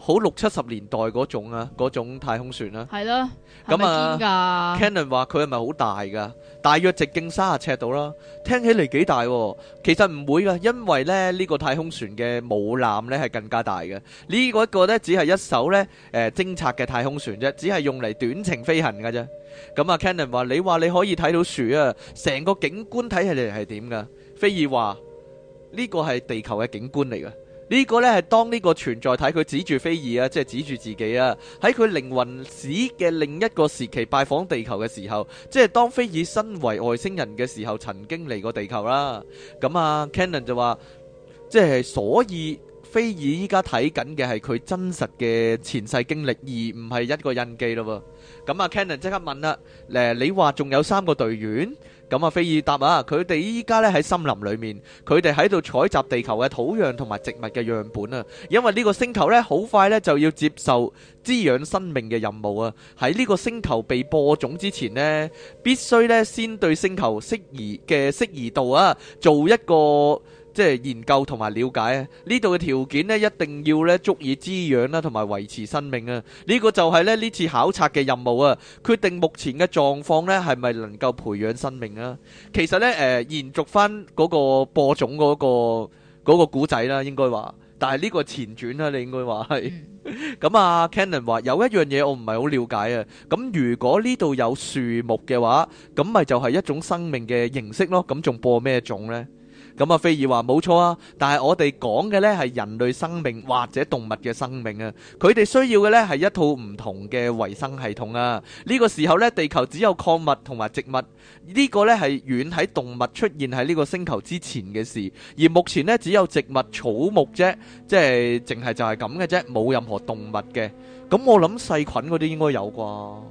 B: 好，六七十年代嗰種啊，嗰種太空船啦、啊，係
A: 咯，咁 <music> 啊，Cannon
B: 話佢係咪好大噶？大約直徑三十尺度啦，聽起嚟幾大喎、啊？其實唔會噶，因為咧呢、呢個太空船嘅母艦咧係更加大嘅。呢、呢個一個咧只係一艘咧誒、呃、偵察嘅太空船啫，只係用嚟短程飛行噶啫。咁啊，Cannon 話你話你可以睇到樹啊，成個景觀睇起嚟係點噶？非爾話呢、呢個係地球嘅景觀嚟嘅。呢個呢，係當呢個存在體佢指住菲爾啊，即係指住自己啊，喺佢靈魂史嘅另一個時期拜訪地球嘅時候，即係當菲爾身為外星人嘅時候，曾經嚟過地球啦。咁、嗯、啊，Cannon 就話，即係所以菲爾依家睇緊嘅係佢真實嘅前世經歷，而唔係一個印記咯噃。咁、嗯、啊，Cannon 即刻問啦、呃，你話仲有三個隊員？咁啊，菲爾答啊，佢哋依家咧喺森林裏面，佢哋喺度採集地球嘅土壤同埋植物嘅樣本啊，因為呢個星球咧好快咧就要接受滋養生命嘅任務啊，喺呢個星球被播種之前呢，必須咧先對星球適宜嘅適宜度啊，做一個。即係研究同埋了解呢度嘅條件咧，一定要咧足以滋養啦，同埋維持生命啊！呢、呢個就係咧呢次考察嘅任務啊！決定目前嘅狀況咧，係咪能夠培養生命啊？其實咧，誒、呃，延續翻嗰個播種嗰、嗰個古仔、嗰個、啦，應該話，但係呢個前傳啦，你應該話係。咁、 <laughs> 嗯、啊 Cannon 話 <laughs> 有一樣嘢我唔係好了解啊。咁如果呢度有樹木嘅話，咁咪就係一種生命嘅形式咯。咁仲播咩種呢？咁啊，菲爾話冇錯啊，但係我哋講嘅呢係人類生命或者動物嘅生命啊，佢哋需要嘅呢係一套唔同嘅維生系統啊。呢個時候呢，地球只有礦物同埋植物，呢個呢係遠喺動物出現喺呢個星球之前嘅事，而目前呢，只有植物草木啫，即係淨係就係咁嘅啫，冇任何動物嘅。咁我諗細菌嗰啲應該有啩。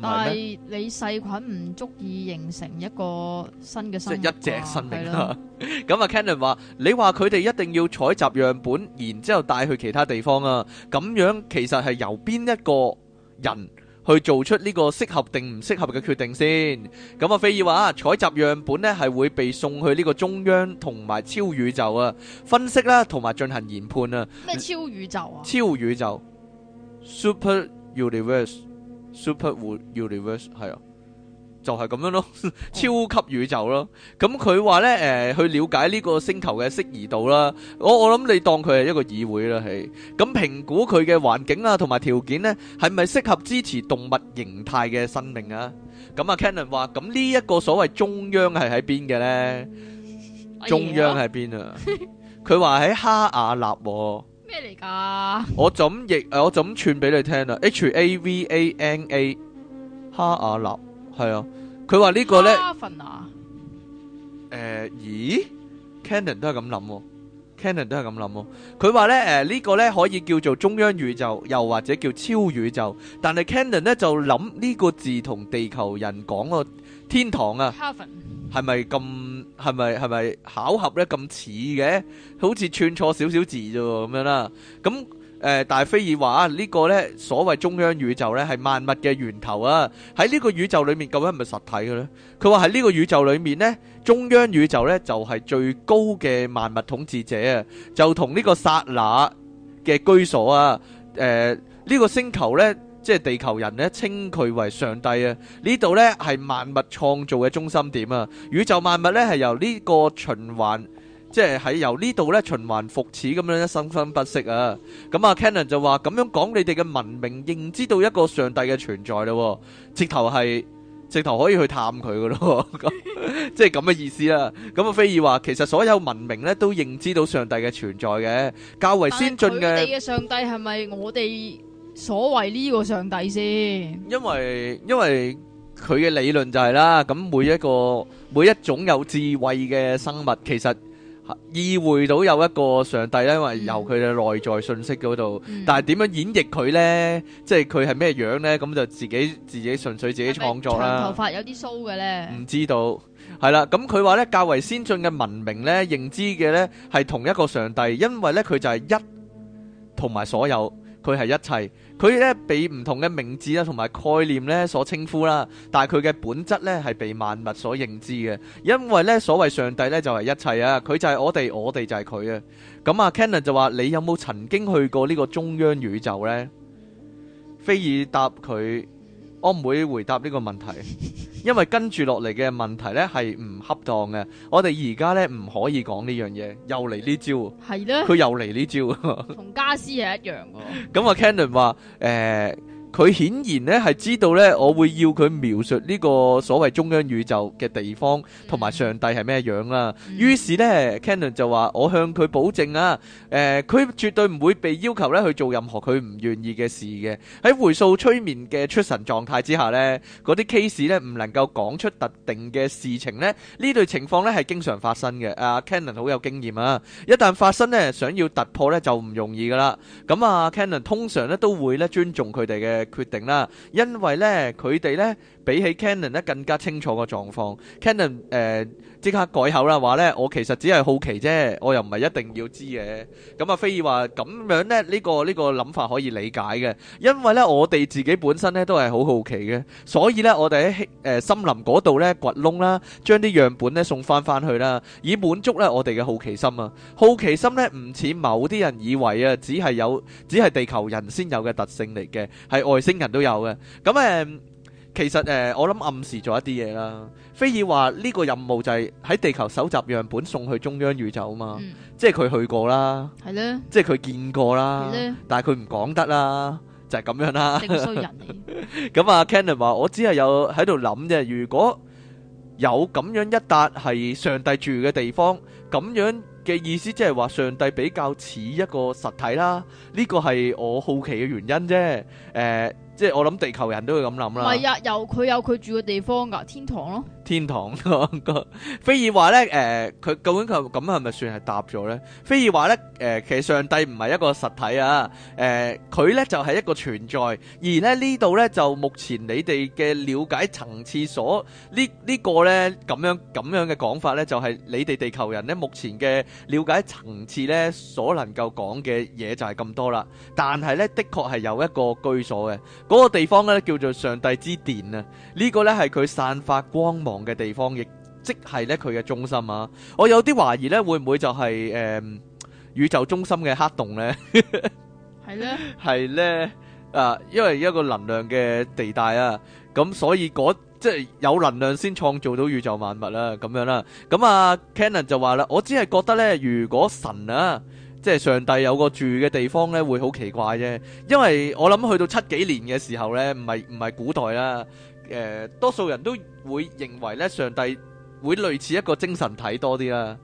B: 但係
A: 你細菌唔足以形成一個新嘅生，生命，即一對只了生命啦
B: <laughs> 咁啊，Cannon 話：你話佢哋一定要採集樣本，然之後帶去其他地方啊。咁樣其實係由邊一個人去做出呢個適合定唔適合嘅決定先？咁啊、嗯，菲爾話：採集樣本呢係會被送去呢個中央同埋超宇宙啊，分析啦同埋進行研判啊。咩
A: 超宇宙啊？
B: 超宇宙，Super Universe。Super Universe 係啊，就係咁樣咯，超級宇宙咯。咁佢話咧，誒去了解呢個星球嘅適宜度啦。我我諗你當佢係一個議會啦，係。咁評估佢嘅環境啊，同埋條件咧，係咪適合支持動物形態嘅生命啊？咁啊，Cannon 話，咁呢一個所謂中央係喺邊嘅咧？
A: 中央係邊啊？
B: 佢話喺哈瓦納喎。
A: 咩嚟
B: 噶？我咁譯誒，我咁串俾你聽啦，H A V A N A，哈瓦納係啊。佢話呢個
A: 咧，
B: 誒，咦？Cannon 都係咁諗，Cannon 都係咁諗。佢話咧，誒，呢個咧可以叫做中央宇宙，又或者叫超宇宙。但係 Cannon 咧就諗呢個字同地球人講個天堂啊。係咪咁？係咪係咪巧合咧？咁似嘅，好似串錯少少字啫喎，咁樣啦。咁、呃、誒，大菲爾話啊，呢、呢個咧所謂中央宇宙咧，係萬物嘅源頭啊。喺呢個宇宙裏面，究竟係咪實體嘅咧？佢話喺呢個宇宙裏面咧，中央宇宙咧就係最高嘅萬物統治者啊，就同呢個撒那嘅居所啊，誒、呃、呢、呢個星球咧。即係地球人咧，稱佢為上帝啊！呢度咧係萬物創造嘅中心點啊！宇宙萬物咧係由呢個循環，即係喺由呢度咧循環復始咁樣，生生不息啊！咁、嗯、啊，Cannon 就話咁樣講，你哋嘅文明認知到一個上帝嘅存在咯、啊，直頭係直頭可以去探佢噶咯， <laughs> 即係咁嘅意思啦。咁啊，嗯、菲爾話其實所有文明咧都認知到上帝嘅存在嘅，較為先進嘅。你哋
A: 嘅上帝係咪我哋？所謂呢個上帝先，
B: 因為因為佢嘅理論就係啦，咁每一個每一種有智慧嘅生物，其實意會到有一個上帝咧，因為由佢嘅內在信息嗰度，但係點樣演繹佢咧，即係佢係咩樣咧？咁就自己自己純粹自己創作啦。長頭髮
A: 有啲騷嘅咧，唔
B: 知道係啦。咁佢話咧較為先進嘅文明咧，認知嘅咧係同一個上帝，因為咧佢就係一，同埋所有佢係一切。佢咧被唔同嘅名字啊，同埋概念咧所稱呼啦，但係佢嘅本質咧係被萬物所認知嘅，因為咧所謂上帝咧就係一切啊，佢就係我哋，我哋就係佢啊。咁、嗯、啊 Kennan 就話：你有冇曾經去過呢個中央宇宙呢？菲爾答佢。我唔會回答呢個問題，因為跟住落嚟嘅問題呢係唔恰當嘅。我哋而家呢唔可以講呢樣嘢，又嚟呢招。係咧的，佢又嚟呢招。同
A: <laughs> 家私係一樣嘅。
B: 咁啊，Cannon 話誒。佢顯然咧係知道咧，我會要佢描述呢個所謂中央宇宙嘅地方同埋上帝係咩樣啦。於是咧，Cannon 就話：我向佢保證啊，誒、呃，佢絕對唔會被要求咧去做任何佢唔願意嘅事嘅。喺回溯催眠嘅出神狀態之下咧，嗰啲 case 咧唔能夠講出特定嘅事情咧，呢類情況咧係經常發生嘅。阿、啊、Cannon 好有經驗啊，一旦發生咧，想要突破咧就唔容易噶啦。咁啊，Cannon 通常咧都會咧尊重佢哋嘅決定啦，因為咧，佢哋咧。比起 Canon 咧更加清楚個狀況，Canon 誒即刻改口啦，話咧我其實只係好奇啫，我又唔係一定要知嘅。咁啊，菲爾話咁樣咧呢個呢個諗法可以理解嘅，因為咧我哋自己本身咧都係好好奇嘅，所以咧我哋喺誒森林嗰度咧掘窿啦，將啲樣本咧送翻翻去啦，以滿足咧我哋嘅好奇心啊！好奇心咧唔似某啲人以為啊，只係有只係地球人先有嘅特性嚟嘅，係外星人都有嘅。咁誒。其實誒、呃，我諗暗示咗一啲嘢啦。菲爾話呢個任務就係喺地球搜集樣本送去中央宇宙啊嘛，嗯、即係佢去過啦，
A: 呢
B: 即係佢見過啦，呢但係佢唔講得啦，就係、衰人、咁樣啦。咁啊，Cannon 話我只係有喺度諗啫，如果有咁樣一笪係上帝住嘅地方。咁樣嘅意思即係話上帝比較似一個實體啦，呢個係我好奇嘅原因啫。誒、呃，即係我諗地球人都會咁諗啦。唔係
A: 啊，有佢有佢住嘅地方㗎，天堂咯。
B: 天堂嗰個，菲爾話咧，誒，佢究竟佢咁係咪算係答咗咧？菲爾話咧，誒，其實上帝唔係一個實體啊，誒，佢咧就係一個存在，而咧呢度咧就目前你哋嘅瞭解層次所呢呢個咧咁樣咁樣嘅講法咧，就係你哋地球人咧目前嘅瞭解層次咧所能夠講嘅嘢就係咁多啦。但係咧，的確係有一個居所嘅，嗰個地方咧叫做上帝之殿啊，呢個咧係佢散發光芒嘅地方，亦即係咧佢嘅中心啊！我有啲懷疑咧，會唔會就係誒宇宙中心嘅黑洞咧？係咧，係咧啊！因為一個能量嘅地帶啊，咁所以嗰即係有能量先創造到宇宙萬物啦，咁樣啦。咁啊，Cannon 就話啦，我只係覺得咧，如果神啊，即係上帝有個住嘅地方咧，會好奇怪啫。因為我諗去到七幾年嘅時候咧，唔係，唔係古代啦。誒、呃，多數人都會認為咧，上帝會類似一個精神體多啲啦，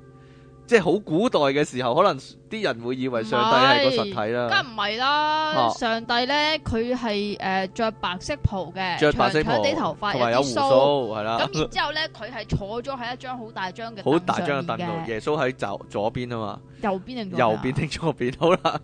B: 即係好古代嘅時候，可能啲人會以為上帝係個實體啦。梗
A: 唔係啦，啊、上帝咧佢係誒着白色袍嘅，着白色袍，長長頭髮，同埋有鬍鬚係啦。咁 <laughs> 之後咧，佢係坐咗喺一張好大張嘅好大張凳度，耶
B: 穌喺就左邊啊嘛，
A: 右邊定左邊？右
B: 邊定左邊？好啦。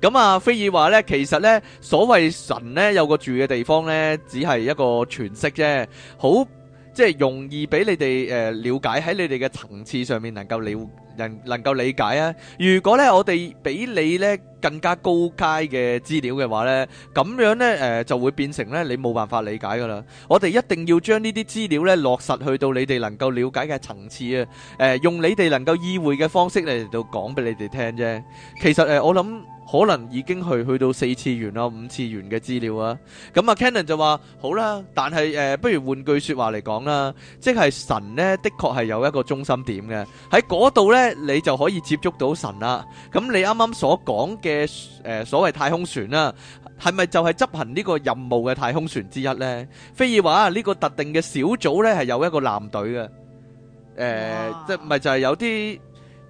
B: 咁 <laughs> 啊，菲爾話呢，其實呢，所謂神呢，有個住嘅地方呢，只係一個詮釋啫，好即係容易俾你哋誒、呃、了解喺你哋嘅層次上面能夠了人能夠理解啊。如果呢，我哋俾你呢更加高階嘅資料嘅話呢，咁樣呢，誒、呃、就會變成呢，你冇辦法理解噶啦。我哋一定要將呢啲資料呢，落實去到你哋能夠了解嘅層次啊。誒、呃，用你哋能夠意會嘅方式嚟到講俾你哋聽啫。其實誒、呃，我諗。可能已經去去到四次元啊、五次元嘅資料啊，咁啊，Canon 就話好啦，但係誒，不如換句説話嚟講啦，即係神咧，的確係有一個中心點嘅，喺嗰度咧，你就可以接觸到神啦。咁你啱啱所講嘅誒所謂太空船啦，係咪就係執行呢個任務嘅太空船之一咧？菲爾話啊，呢個特定嘅小組咧係有一個艦隊嘅，誒，即係咪就係有啲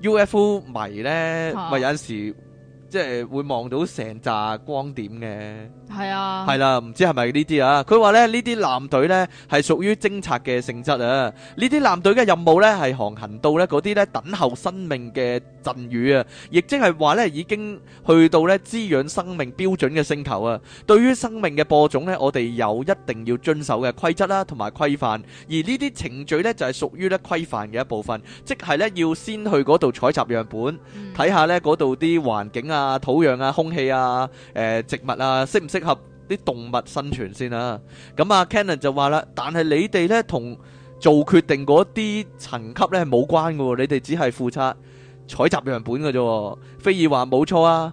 B: UFO 迷咧，咪有陣時。即係會望到成扎光點嘅，
A: 係啊，係
B: 啦，唔 <noise> 知係咪呢啲啊？佢話咧呢啲艦隊咧係屬於偵察嘅性質啊。呢啲艦隊嘅任務咧係航行到咧啲咧等候生命嘅陣雨啊，亦即係話咧已經去到咧滋養生命標準嘅星球啊。對於生命嘅播種咧，我哋有一定要遵守嘅規則啦，同埋規範。而呢啲程序咧就係屬於咧規範嘅一部分，即係咧要先去度採集樣本，睇下咧度啲環境啊。啊，土壤啊，空氣啊，誒、呃，植物啊，適唔適合啲動物生存先啊？咁啊，Cannon 就話啦，但係你哋呢，同做決定嗰啲層級咧冇關嘅喎，你哋只係負責採集樣本嘅啫。非爾話冇錯啊。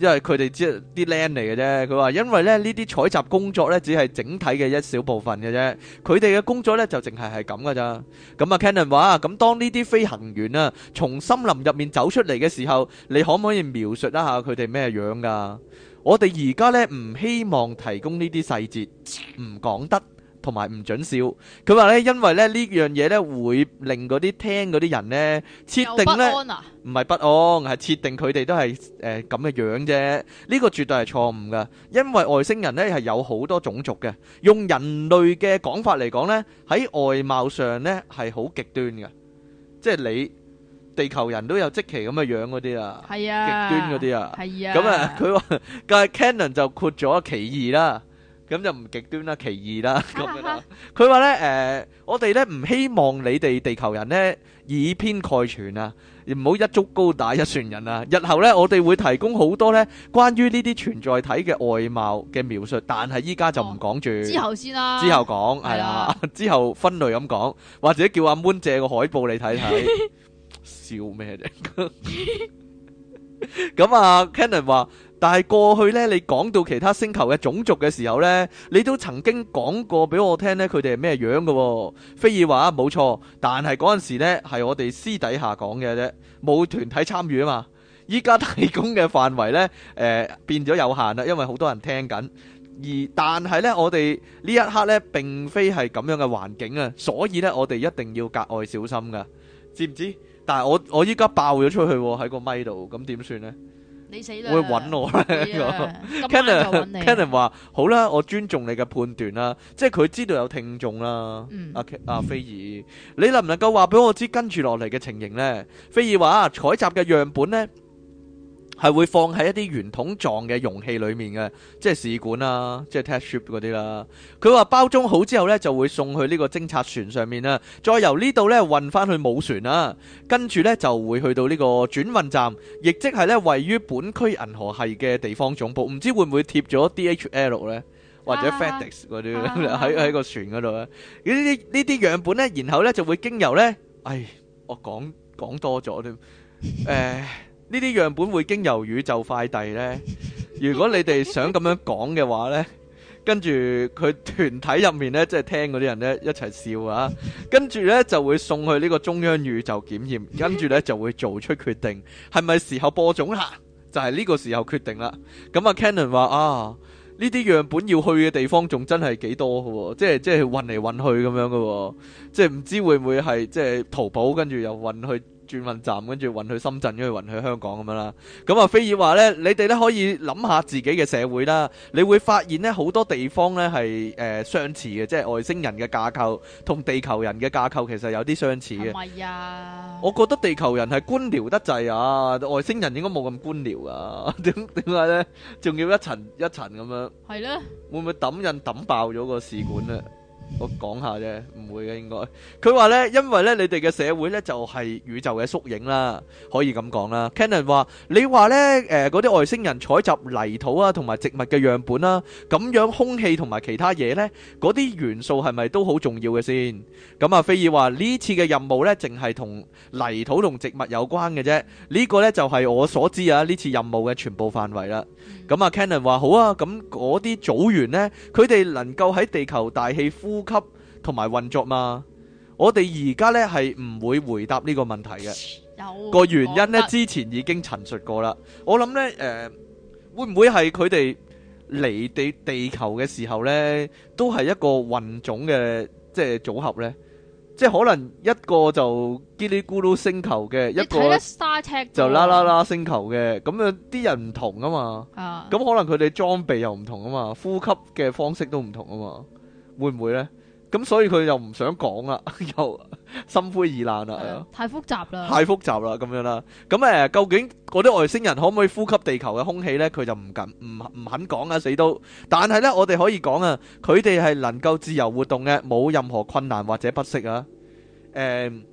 B: 因為佢哋只係啲僆嚟嘅啫，佢話因為咧呢啲採集工作咧只係整體嘅一小部分嘅啫，佢哋嘅工作咧就淨係係咁嘅咋。咁啊，Cannon 話咁，當呢啲飛行員啊從森林入面走出嚟嘅時候，你可唔可以描述一下佢哋咩樣噶？我哋而家咧唔希望提供呢啲細節，唔講得。同埋唔准笑，佢話咧，因為咧呢樣嘢咧會令嗰啲聽嗰啲人咧設定咧，唔係不安，係設定佢哋都係誒咁嘅樣啫。呢個絕對係錯誤㗎，因為外星人咧係有好多種族嘅，用人類嘅講法嚟講咧，喺外貌上咧係好極端嘅，即係你地球人都有即奇咁嘅樣嗰啲啊，係啊，
A: 極端
B: 嗰啲啊，係啊，咁啊，佢話，但係 Cannon 就闊咗其二啦。咁就唔極端啦，歧義啦咁樣啦。佢話咧，誒，我哋咧唔希望你哋地球人咧以偏概全啊，唔好一竹篙打一船人啊。日後咧，我哋會提供好多咧關於呢啲存在體嘅外貌嘅描述，但係依家就唔講住。之後
A: 先啦。之後
B: 講，係啦，之後分類咁講，或者叫阿 Moon 借個海報你睇睇。笑咩啫？咁啊，Cannon 話。但係過去呢，你講到其他星球嘅種族嘅時候呢，你都曾經講過俾我聽呢，佢哋係咩樣嘅？哦。菲爾話冇錯，但係嗰陣時呢係我哋私底下講嘅啫，冇團體參與啊嘛。依家提供嘅範圍呢，誒、呃、變咗有限啦，因為好多人聽緊。而但係呢，我哋呢一刻呢，並非係咁樣嘅環境啊，所以呢，我哋一定要格外小心噶，知唔知？但係我我依家爆咗出去喎、哦、喺個咪度，咁點算呢？會揾我咧，Kenan，Kenan 話：好啦，我尊重你嘅判斷啦，即係佢知道有聽眾啦。阿阿菲爾，啊嗯、你能唔能夠話俾我知跟住落嚟嘅情形咧？菲爾話：採集嘅樣本咧。係會放喺一啲圓筒狀嘅容器裏面嘅，即係試管啦，即係 test tube 嗰啲啦。佢話包裝好之後咧，就會送去呢個偵察船上面啦，再由呢度咧運翻去母船啦，跟住咧就會去到呢個轉運站，亦即係咧位於本區銀河系嘅地方總部。唔知會唔會貼咗 DHL 咧，或者 FedEx 嗰啲喺喺個船嗰度咧？呢啲呢啲樣本咧，然後咧就會經由咧，唉，我講講多咗添，誒。呢啲樣本會經由宇宙快遞呢。如果你哋想咁樣講嘅話呢，跟住佢團體入面呢，即係聽嗰啲人呢一齊笑啊，跟住呢就會送去呢個中央宇宙檢驗，跟住呢就會做出決定，係咪時候播種下？就係呢個時候決定啦。咁啊 Canon 話啊，呢啲樣本要去嘅地方仲真係幾多嘅喎，即係即係運嚟運去咁樣嘅喎，即係唔知會唔會係即係淘寶跟住又運去。轉運站，跟住運去深圳，跟住運去香港咁樣啦。咁啊，菲爾話呢，你哋咧可以諗下自己嘅社會啦。你會發現呢，好多地方呢係誒相似嘅，即係外星人嘅架構同地球人嘅架構其實有啲相似嘅。係
A: 啊，
B: 我覺得地球人係官僚得滯啊，外星人應該冇咁官僚啊？點？點解呢？仲要一層一層咁樣？係咧，會唔會抌印抌爆咗個試管呢？我講下啫，唔會嘅應該。佢話呢，因為呢，你哋嘅社會呢就係宇宙嘅縮影啦，可以咁講啦。Cannon 話：你話呢，誒嗰啲外星人採集泥土啊，同埋植物嘅樣本啦，咁樣空氣同埋其他嘢呢，嗰啲元素係咪都好重要嘅先？咁啊，菲爾話呢次嘅任務呢，淨係同泥土同植物有關嘅啫。呢個呢就係我所知啊，呢次任務嘅全部範圍啦。咁啊，Cannon 話好啊，咁嗰啲組員呢，佢哋能夠喺地球大氣呼呼吸同埋運作嘛？我哋而家咧係唔會回答呢個問題嘅。個原因咧，之前已經陳述過啦。我諗咧，誒，會唔會係佢哋嚟地地球嘅時候咧，都係一個混種嘅，即係組合咧？即係可能一個就嘰里咕嚕星球嘅，一
A: 個就啦啦
B: 啦星球嘅。咁樣啲人唔同啊嘛，咁可能佢哋裝備又唔同啊嘛，呼吸嘅方式都唔同啊嘛。會唔會呢？咁所以佢又唔想講啦， <laughs> 又心灰意冷啦，啊，
A: 太複雜啦，太
B: 複雜啦，咁樣啦。咁誒，究竟嗰啲外星人可唔可以呼吸地球嘅空氣呢？佢就唔敢唔唔肯講啊，死都。但係呢，我哋可以講啊，佢哋係能夠自由活動嘅，冇任何困難或者不適啊，誒，嗯。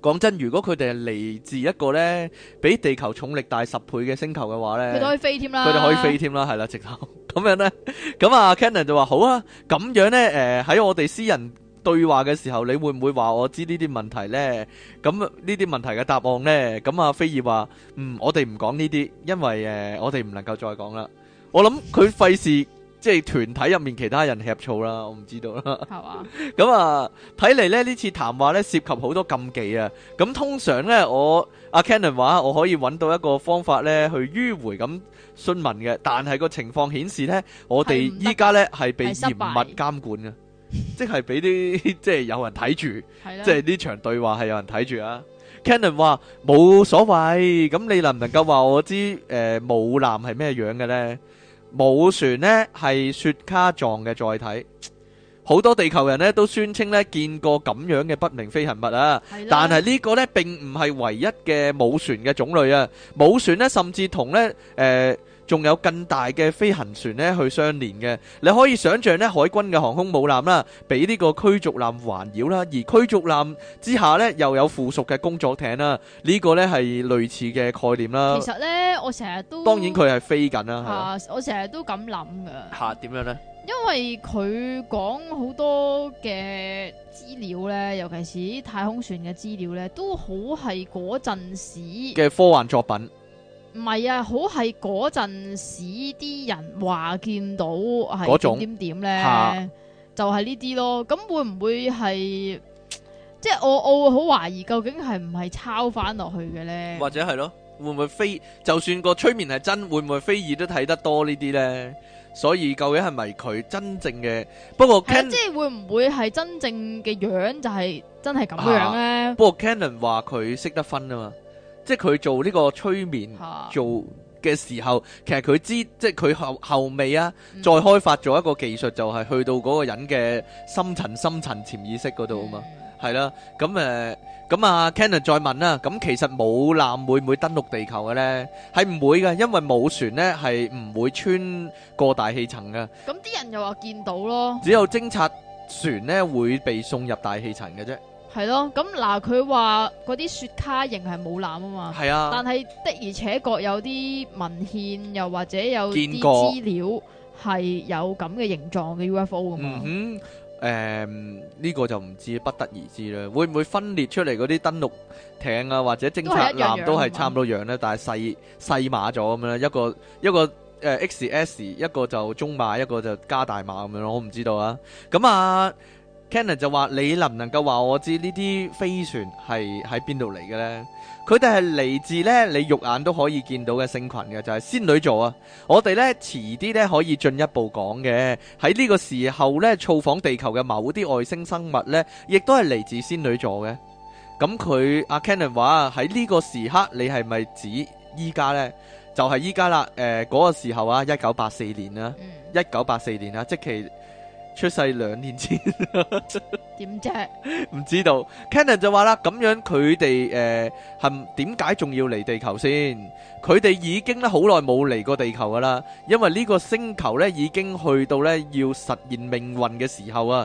B: 講真，如果佢哋係嚟自一個咧，比地球重力大十倍嘅星球嘅話咧，佢哋可以飛添啦，佢哋可以飛添啦，係啦，直頭咁樣咧，咁啊，Cannon 就話好啊，咁樣咧，誒喺我哋私人對話嘅時候，你會唔會話我知呢啲問題咧？咁呢啲問題嘅答案咧，咁啊，菲爾話，嗯，我哋唔講呢啲，因為誒，我哋唔能夠再講啦。我諗佢費事。即係團體入面其他人呷醋啦，我唔知道啦。咁啊，睇嚟咧，呢次談話咧涉及好多禁忌啊。咁通常咧，我阿 Kennan 話我可以揾到一個方法咧去迂迴咁詢問嘅，但係個情況顯示咧，我哋依家咧係被嚴密監管嘅，失 <laughs> 即係俾啲，即係有人睇住，即係呢場對話係有人睇住啊。Kennan 話冇所謂，咁你能唔能夠話我知誒、呃、母男係咩樣嘅咧？ <laughs> 母船呢係雪茄狀嘅載體，好多地球人呢都宣稱呢見過咁樣嘅不明飛行物啊，的但係呢個呢並唔係唯一嘅母船嘅種類啊，母船呢，甚至同呢。誒、呃。仲有更大嘅飛行船呢去相連嘅，你可以想象呢海軍嘅航空母艦啦，俾呢個驅逐艦環繞啦，而驅逐艦之下呢，又有附屬嘅工作艇啦，呢、呢個呢係類似嘅概念啦。其實
A: 呢，我成日都當然佢係
B: 飛緊啦。啊，啊
A: 我成日都咁諗噶。吓、啊，點樣呢？因為佢講好多嘅資料呢，尤其是太空船嘅資料呢，都好係嗰陣時嘅
B: 科幻作品。
A: 唔係啊，好係嗰陣時啲人話見到係點點點咧，啊、就係呢啲咯。咁會唔會係？即係我我會好懷疑，究竟係唔係抄翻落去嘅咧？
B: 或者係咯，會唔會非就算個催眠係真，會唔會非議都睇得多呢啲咧？所以究竟係咪佢真正嘅？不過、Ken 啊、即係
A: 會唔會係真正嘅樣就係真係咁樣咧、啊？
B: 不過 Cannon 話佢識得分啊嘛。即係佢做呢個催眠做嘅時候，哈其實佢知，即係佢後後尾啊，嗯、再開發做一個技術，就係、是、去到嗰個人嘅深層、深層潛意識嗰度啊嘛，係啦、嗯。咁誒，咁阿 Kenneth 再問啦，咁其實母艦會唔會登陸地球嘅咧？係唔會嘅，因為母船咧係唔會穿過大氣層嘅。
A: 咁啲人又話見到咯，只
B: 有偵察船咧會被送入大氣層嘅啫。
A: 係咯，咁嗱佢話嗰啲雪卡型係冇纜啊嘛，啊，但係的而且確有啲文獻又或者有資料係有咁嘅形狀嘅 UFO 咁。嘛。誒，
B: 呢、嗯嗯呢個就唔知不得而知啦。會唔會分裂出嚟嗰啲登陸艇啊或者偵察艦都係差唔多樣咧，但係細細碼咗咁樣，一個一個誒、呃、XS 一個就中碼，一個就加大碼咁樣咯，我唔知道啊。咁啊。Kenan 就話：你能唔能夠話我知呢啲飛船係喺邊度嚟嘅呢？佢哋係嚟自呢你肉眼都可以見到嘅星群嘅，就係仙女座啊！我哋呢遲啲呢可以進一步講嘅。喺呢個時候呢，造訪地球嘅某啲外星生物呢，亦都係嚟自仙女座嘅。咁佢阿 Kenan 話：喺呢個時刻，你係咪指依家呢？就係依家啦。誒，嗰個時候啊，一九八四年啦，一九八四年啊，即其。出世兩年前 <laughs> ，
A: 點啫？
B: 唔知道。Cannon 就話啦，咁樣佢哋誒係點解仲要嚟地球先？佢哋已經咧好耐冇嚟過地球噶啦，因為呢個星球咧已經去到咧要實現命運嘅時候啊！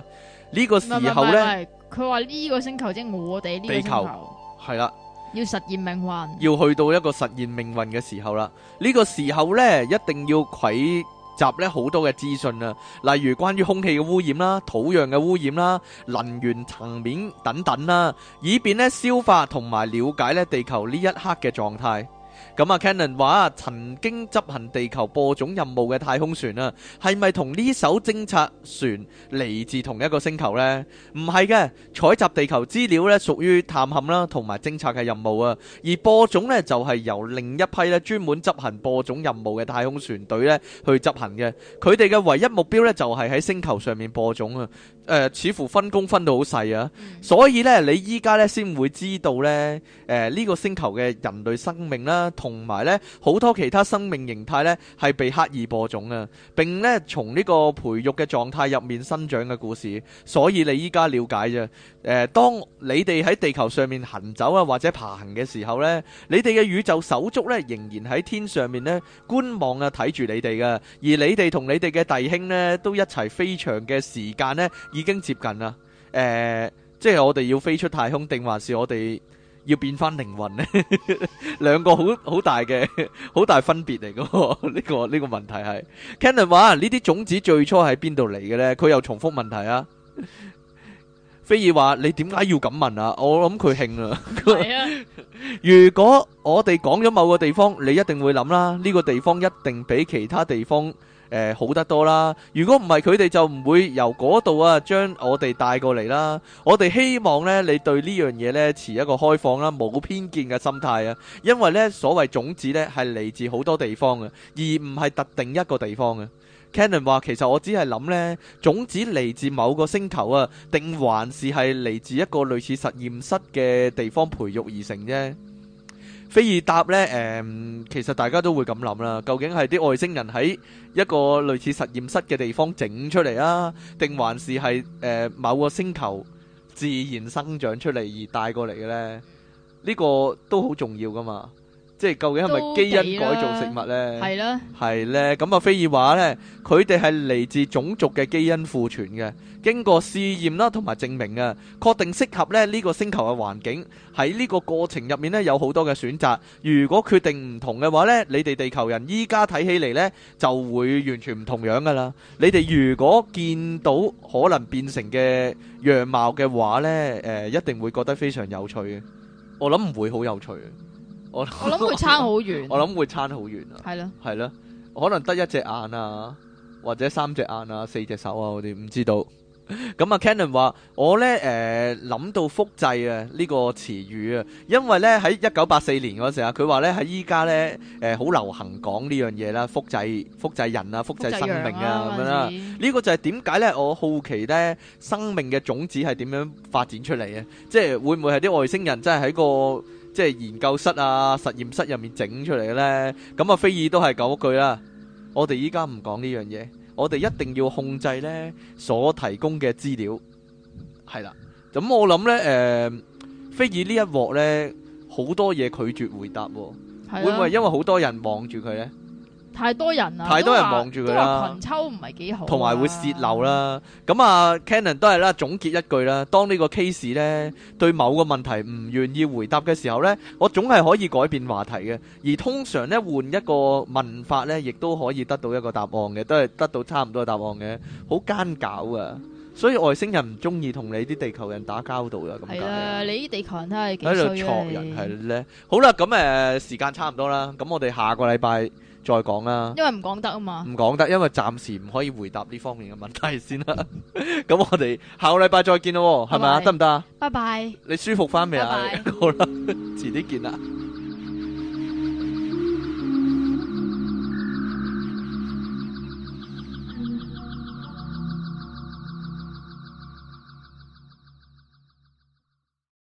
B: 呢、呢個時候咧，
A: 佢話呢個星球即係我哋呢個星球，係啦，要實現命運，要，命運要
B: 去到一個實現命運嘅時候啦。呢、呢個時候咧，一定要佢。集咧好多嘅資訊啊，例如關於空氣嘅污染啦、土壤嘅污染啦、能源層面等等啦，以便咧消化同埋了解咧地球呢一刻嘅狀態。咁啊，Cannon 話，曾經執行地球播種任務嘅太空船啊，係咪同呢艘偵察船嚟自同一個星球呢？唔係嘅，採集地球資料呢，屬於探勘啦，同埋偵察嘅任務啊，而播種呢，就係由另一批呢專門執行播種任務嘅太空船隊呢去執行嘅，佢哋嘅唯一目標呢，就係喺星球上面播種啊。呃、似乎分工分到好細啊，嗯、所以咧，你依家咧先會知道咧，誒、呃、呢、呢個星球嘅人類生命啦、啊，同埋咧好多其他生命形態咧係被刻意播種啊，並咧從呢個培育嘅狀態入面生長嘅故事，所以你依家了解啫。誒，當你哋喺地球上面行走啊，或者爬行嘅時候呢，你哋嘅宇宙手足咧，仍然喺天上面咧觀望啊，睇住你哋噶。而你哋同你哋嘅弟兄呢，都一齊飛翔嘅時間咧，已經接近啦。誒、呃，即係我哋要飛出太空，定還是我哋要變翻靈魂咧？兩 <laughs> 個好好大嘅好大分別嚟噶喎，呢、這個呢、這個問題係。Cannon 話呢啲種子最初喺邊度嚟嘅呢？佢又重複問題啊。菲爾話：你點解要咁問啊？我諗佢興啊！如果我哋講咗某個地方，你一定會諗啦，呢個地方一定比其他地方誒好得多啦。如果唔係佢哋就唔會由嗰度啊將我哋帶過嚟啦。我哋希望咧，你對呢樣嘢咧持一個開放啦、冇偏見嘅心態啊，因為咧所謂種子咧係嚟自好多地方嘅，而唔係特定一個地方嘅。Cannon 話：其實我只係諗呢種子嚟自某個星球啊，定還是係嚟自一個類似實驗室嘅地方培育而成啫？菲爾答呢，誒、嗯，其實大家都會咁諗啦。究竟係啲外星人喺一個類似實驗室嘅地方整出嚟啊，定還是係誒、呃、某個星球自然生長出嚟而帶過嚟嘅呢？呢、呢個都好重要㗎嘛。即係究竟係咪基因改造食物咧？係啦，係咧，咁啊菲爾話咧，佢哋係嚟自種族嘅基因庫存嘅，經過試驗啦，同埋證明呀，確定適合咧呢個星球嘅環境。喺呢個過程入面咧，有好多嘅選擇。如果決定唔同嘅話咧，你哋地球人依家睇起嚟咧，就會完全唔同樣噶啦。你哋如果見到可能變成嘅樣貌嘅話咧，誒，一定會覺得非常有趣嘅。我諗唔會好有趣。我
A: <laughs> 我諗會差
B: 好遠，我諗會差好遠啊！係咯，係咯，可能得一隻眼啊，或者三隻眼啊，四隻手啊，我哋唔知道。咁 <laughs> 啊 Cannon 話我咧誒諗到複製啊呢、這個詞語啊，因為咧喺一九八四年嗰時候在在、呃、啊，佢話咧喺依家咧誒好流行講呢樣嘢啦，複製複製人啊，複製生命啊咁、啊、樣啦、啊。呢、嗯、個就係點解咧？我好奇咧，生命嘅種子係點樣發展出嚟啊？即、就、係、是、會唔會係啲外星人真係喺個？即係研究室啊，實驗室入面整出嚟嘅呢，咁啊菲爾都係九句啦。我哋依家唔講呢樣嘢，我哋一定要控制呢所提供嘅資料。係啦，咁我諗呢，誒、呃，菲爾呢一鑊呢，好多嘢拒絕回答，啊，的會唔會因為好多人望住佢呢？
A: 太多人啦，太多人望住佢啦，群抽唔係幾好，同埋
B: 會泄漏啦。咁啊，Cannon 都係啦，總結一句啦，當呢個 case 咧，對某個問題唔願意回答嘅時候咧，我總係可以改變話題嘅，而通常咧換一個問法咧，亦都可以得到一個答案嘅，都係得到差唔多嘅答案嘅，好奸狡噶。所以外星人唔中意同你啲地球人打交道噶，係啊，你
A: 啲地球人都係喺度撮人係
B: 咧。好啦，咁誒，時間差唔多啦，咁我哋下個禮拜再講啦，因為
A: 唔講得啊嘛，唔
B: 講得，因為暫時唔可以回答呢方面嘅問題先啦。咁我哋下個禮拜再見咯，係咪啊？得唔得啊？拜拜。你舒服翻未啊？Bye bye，好啦，遲啲見啦。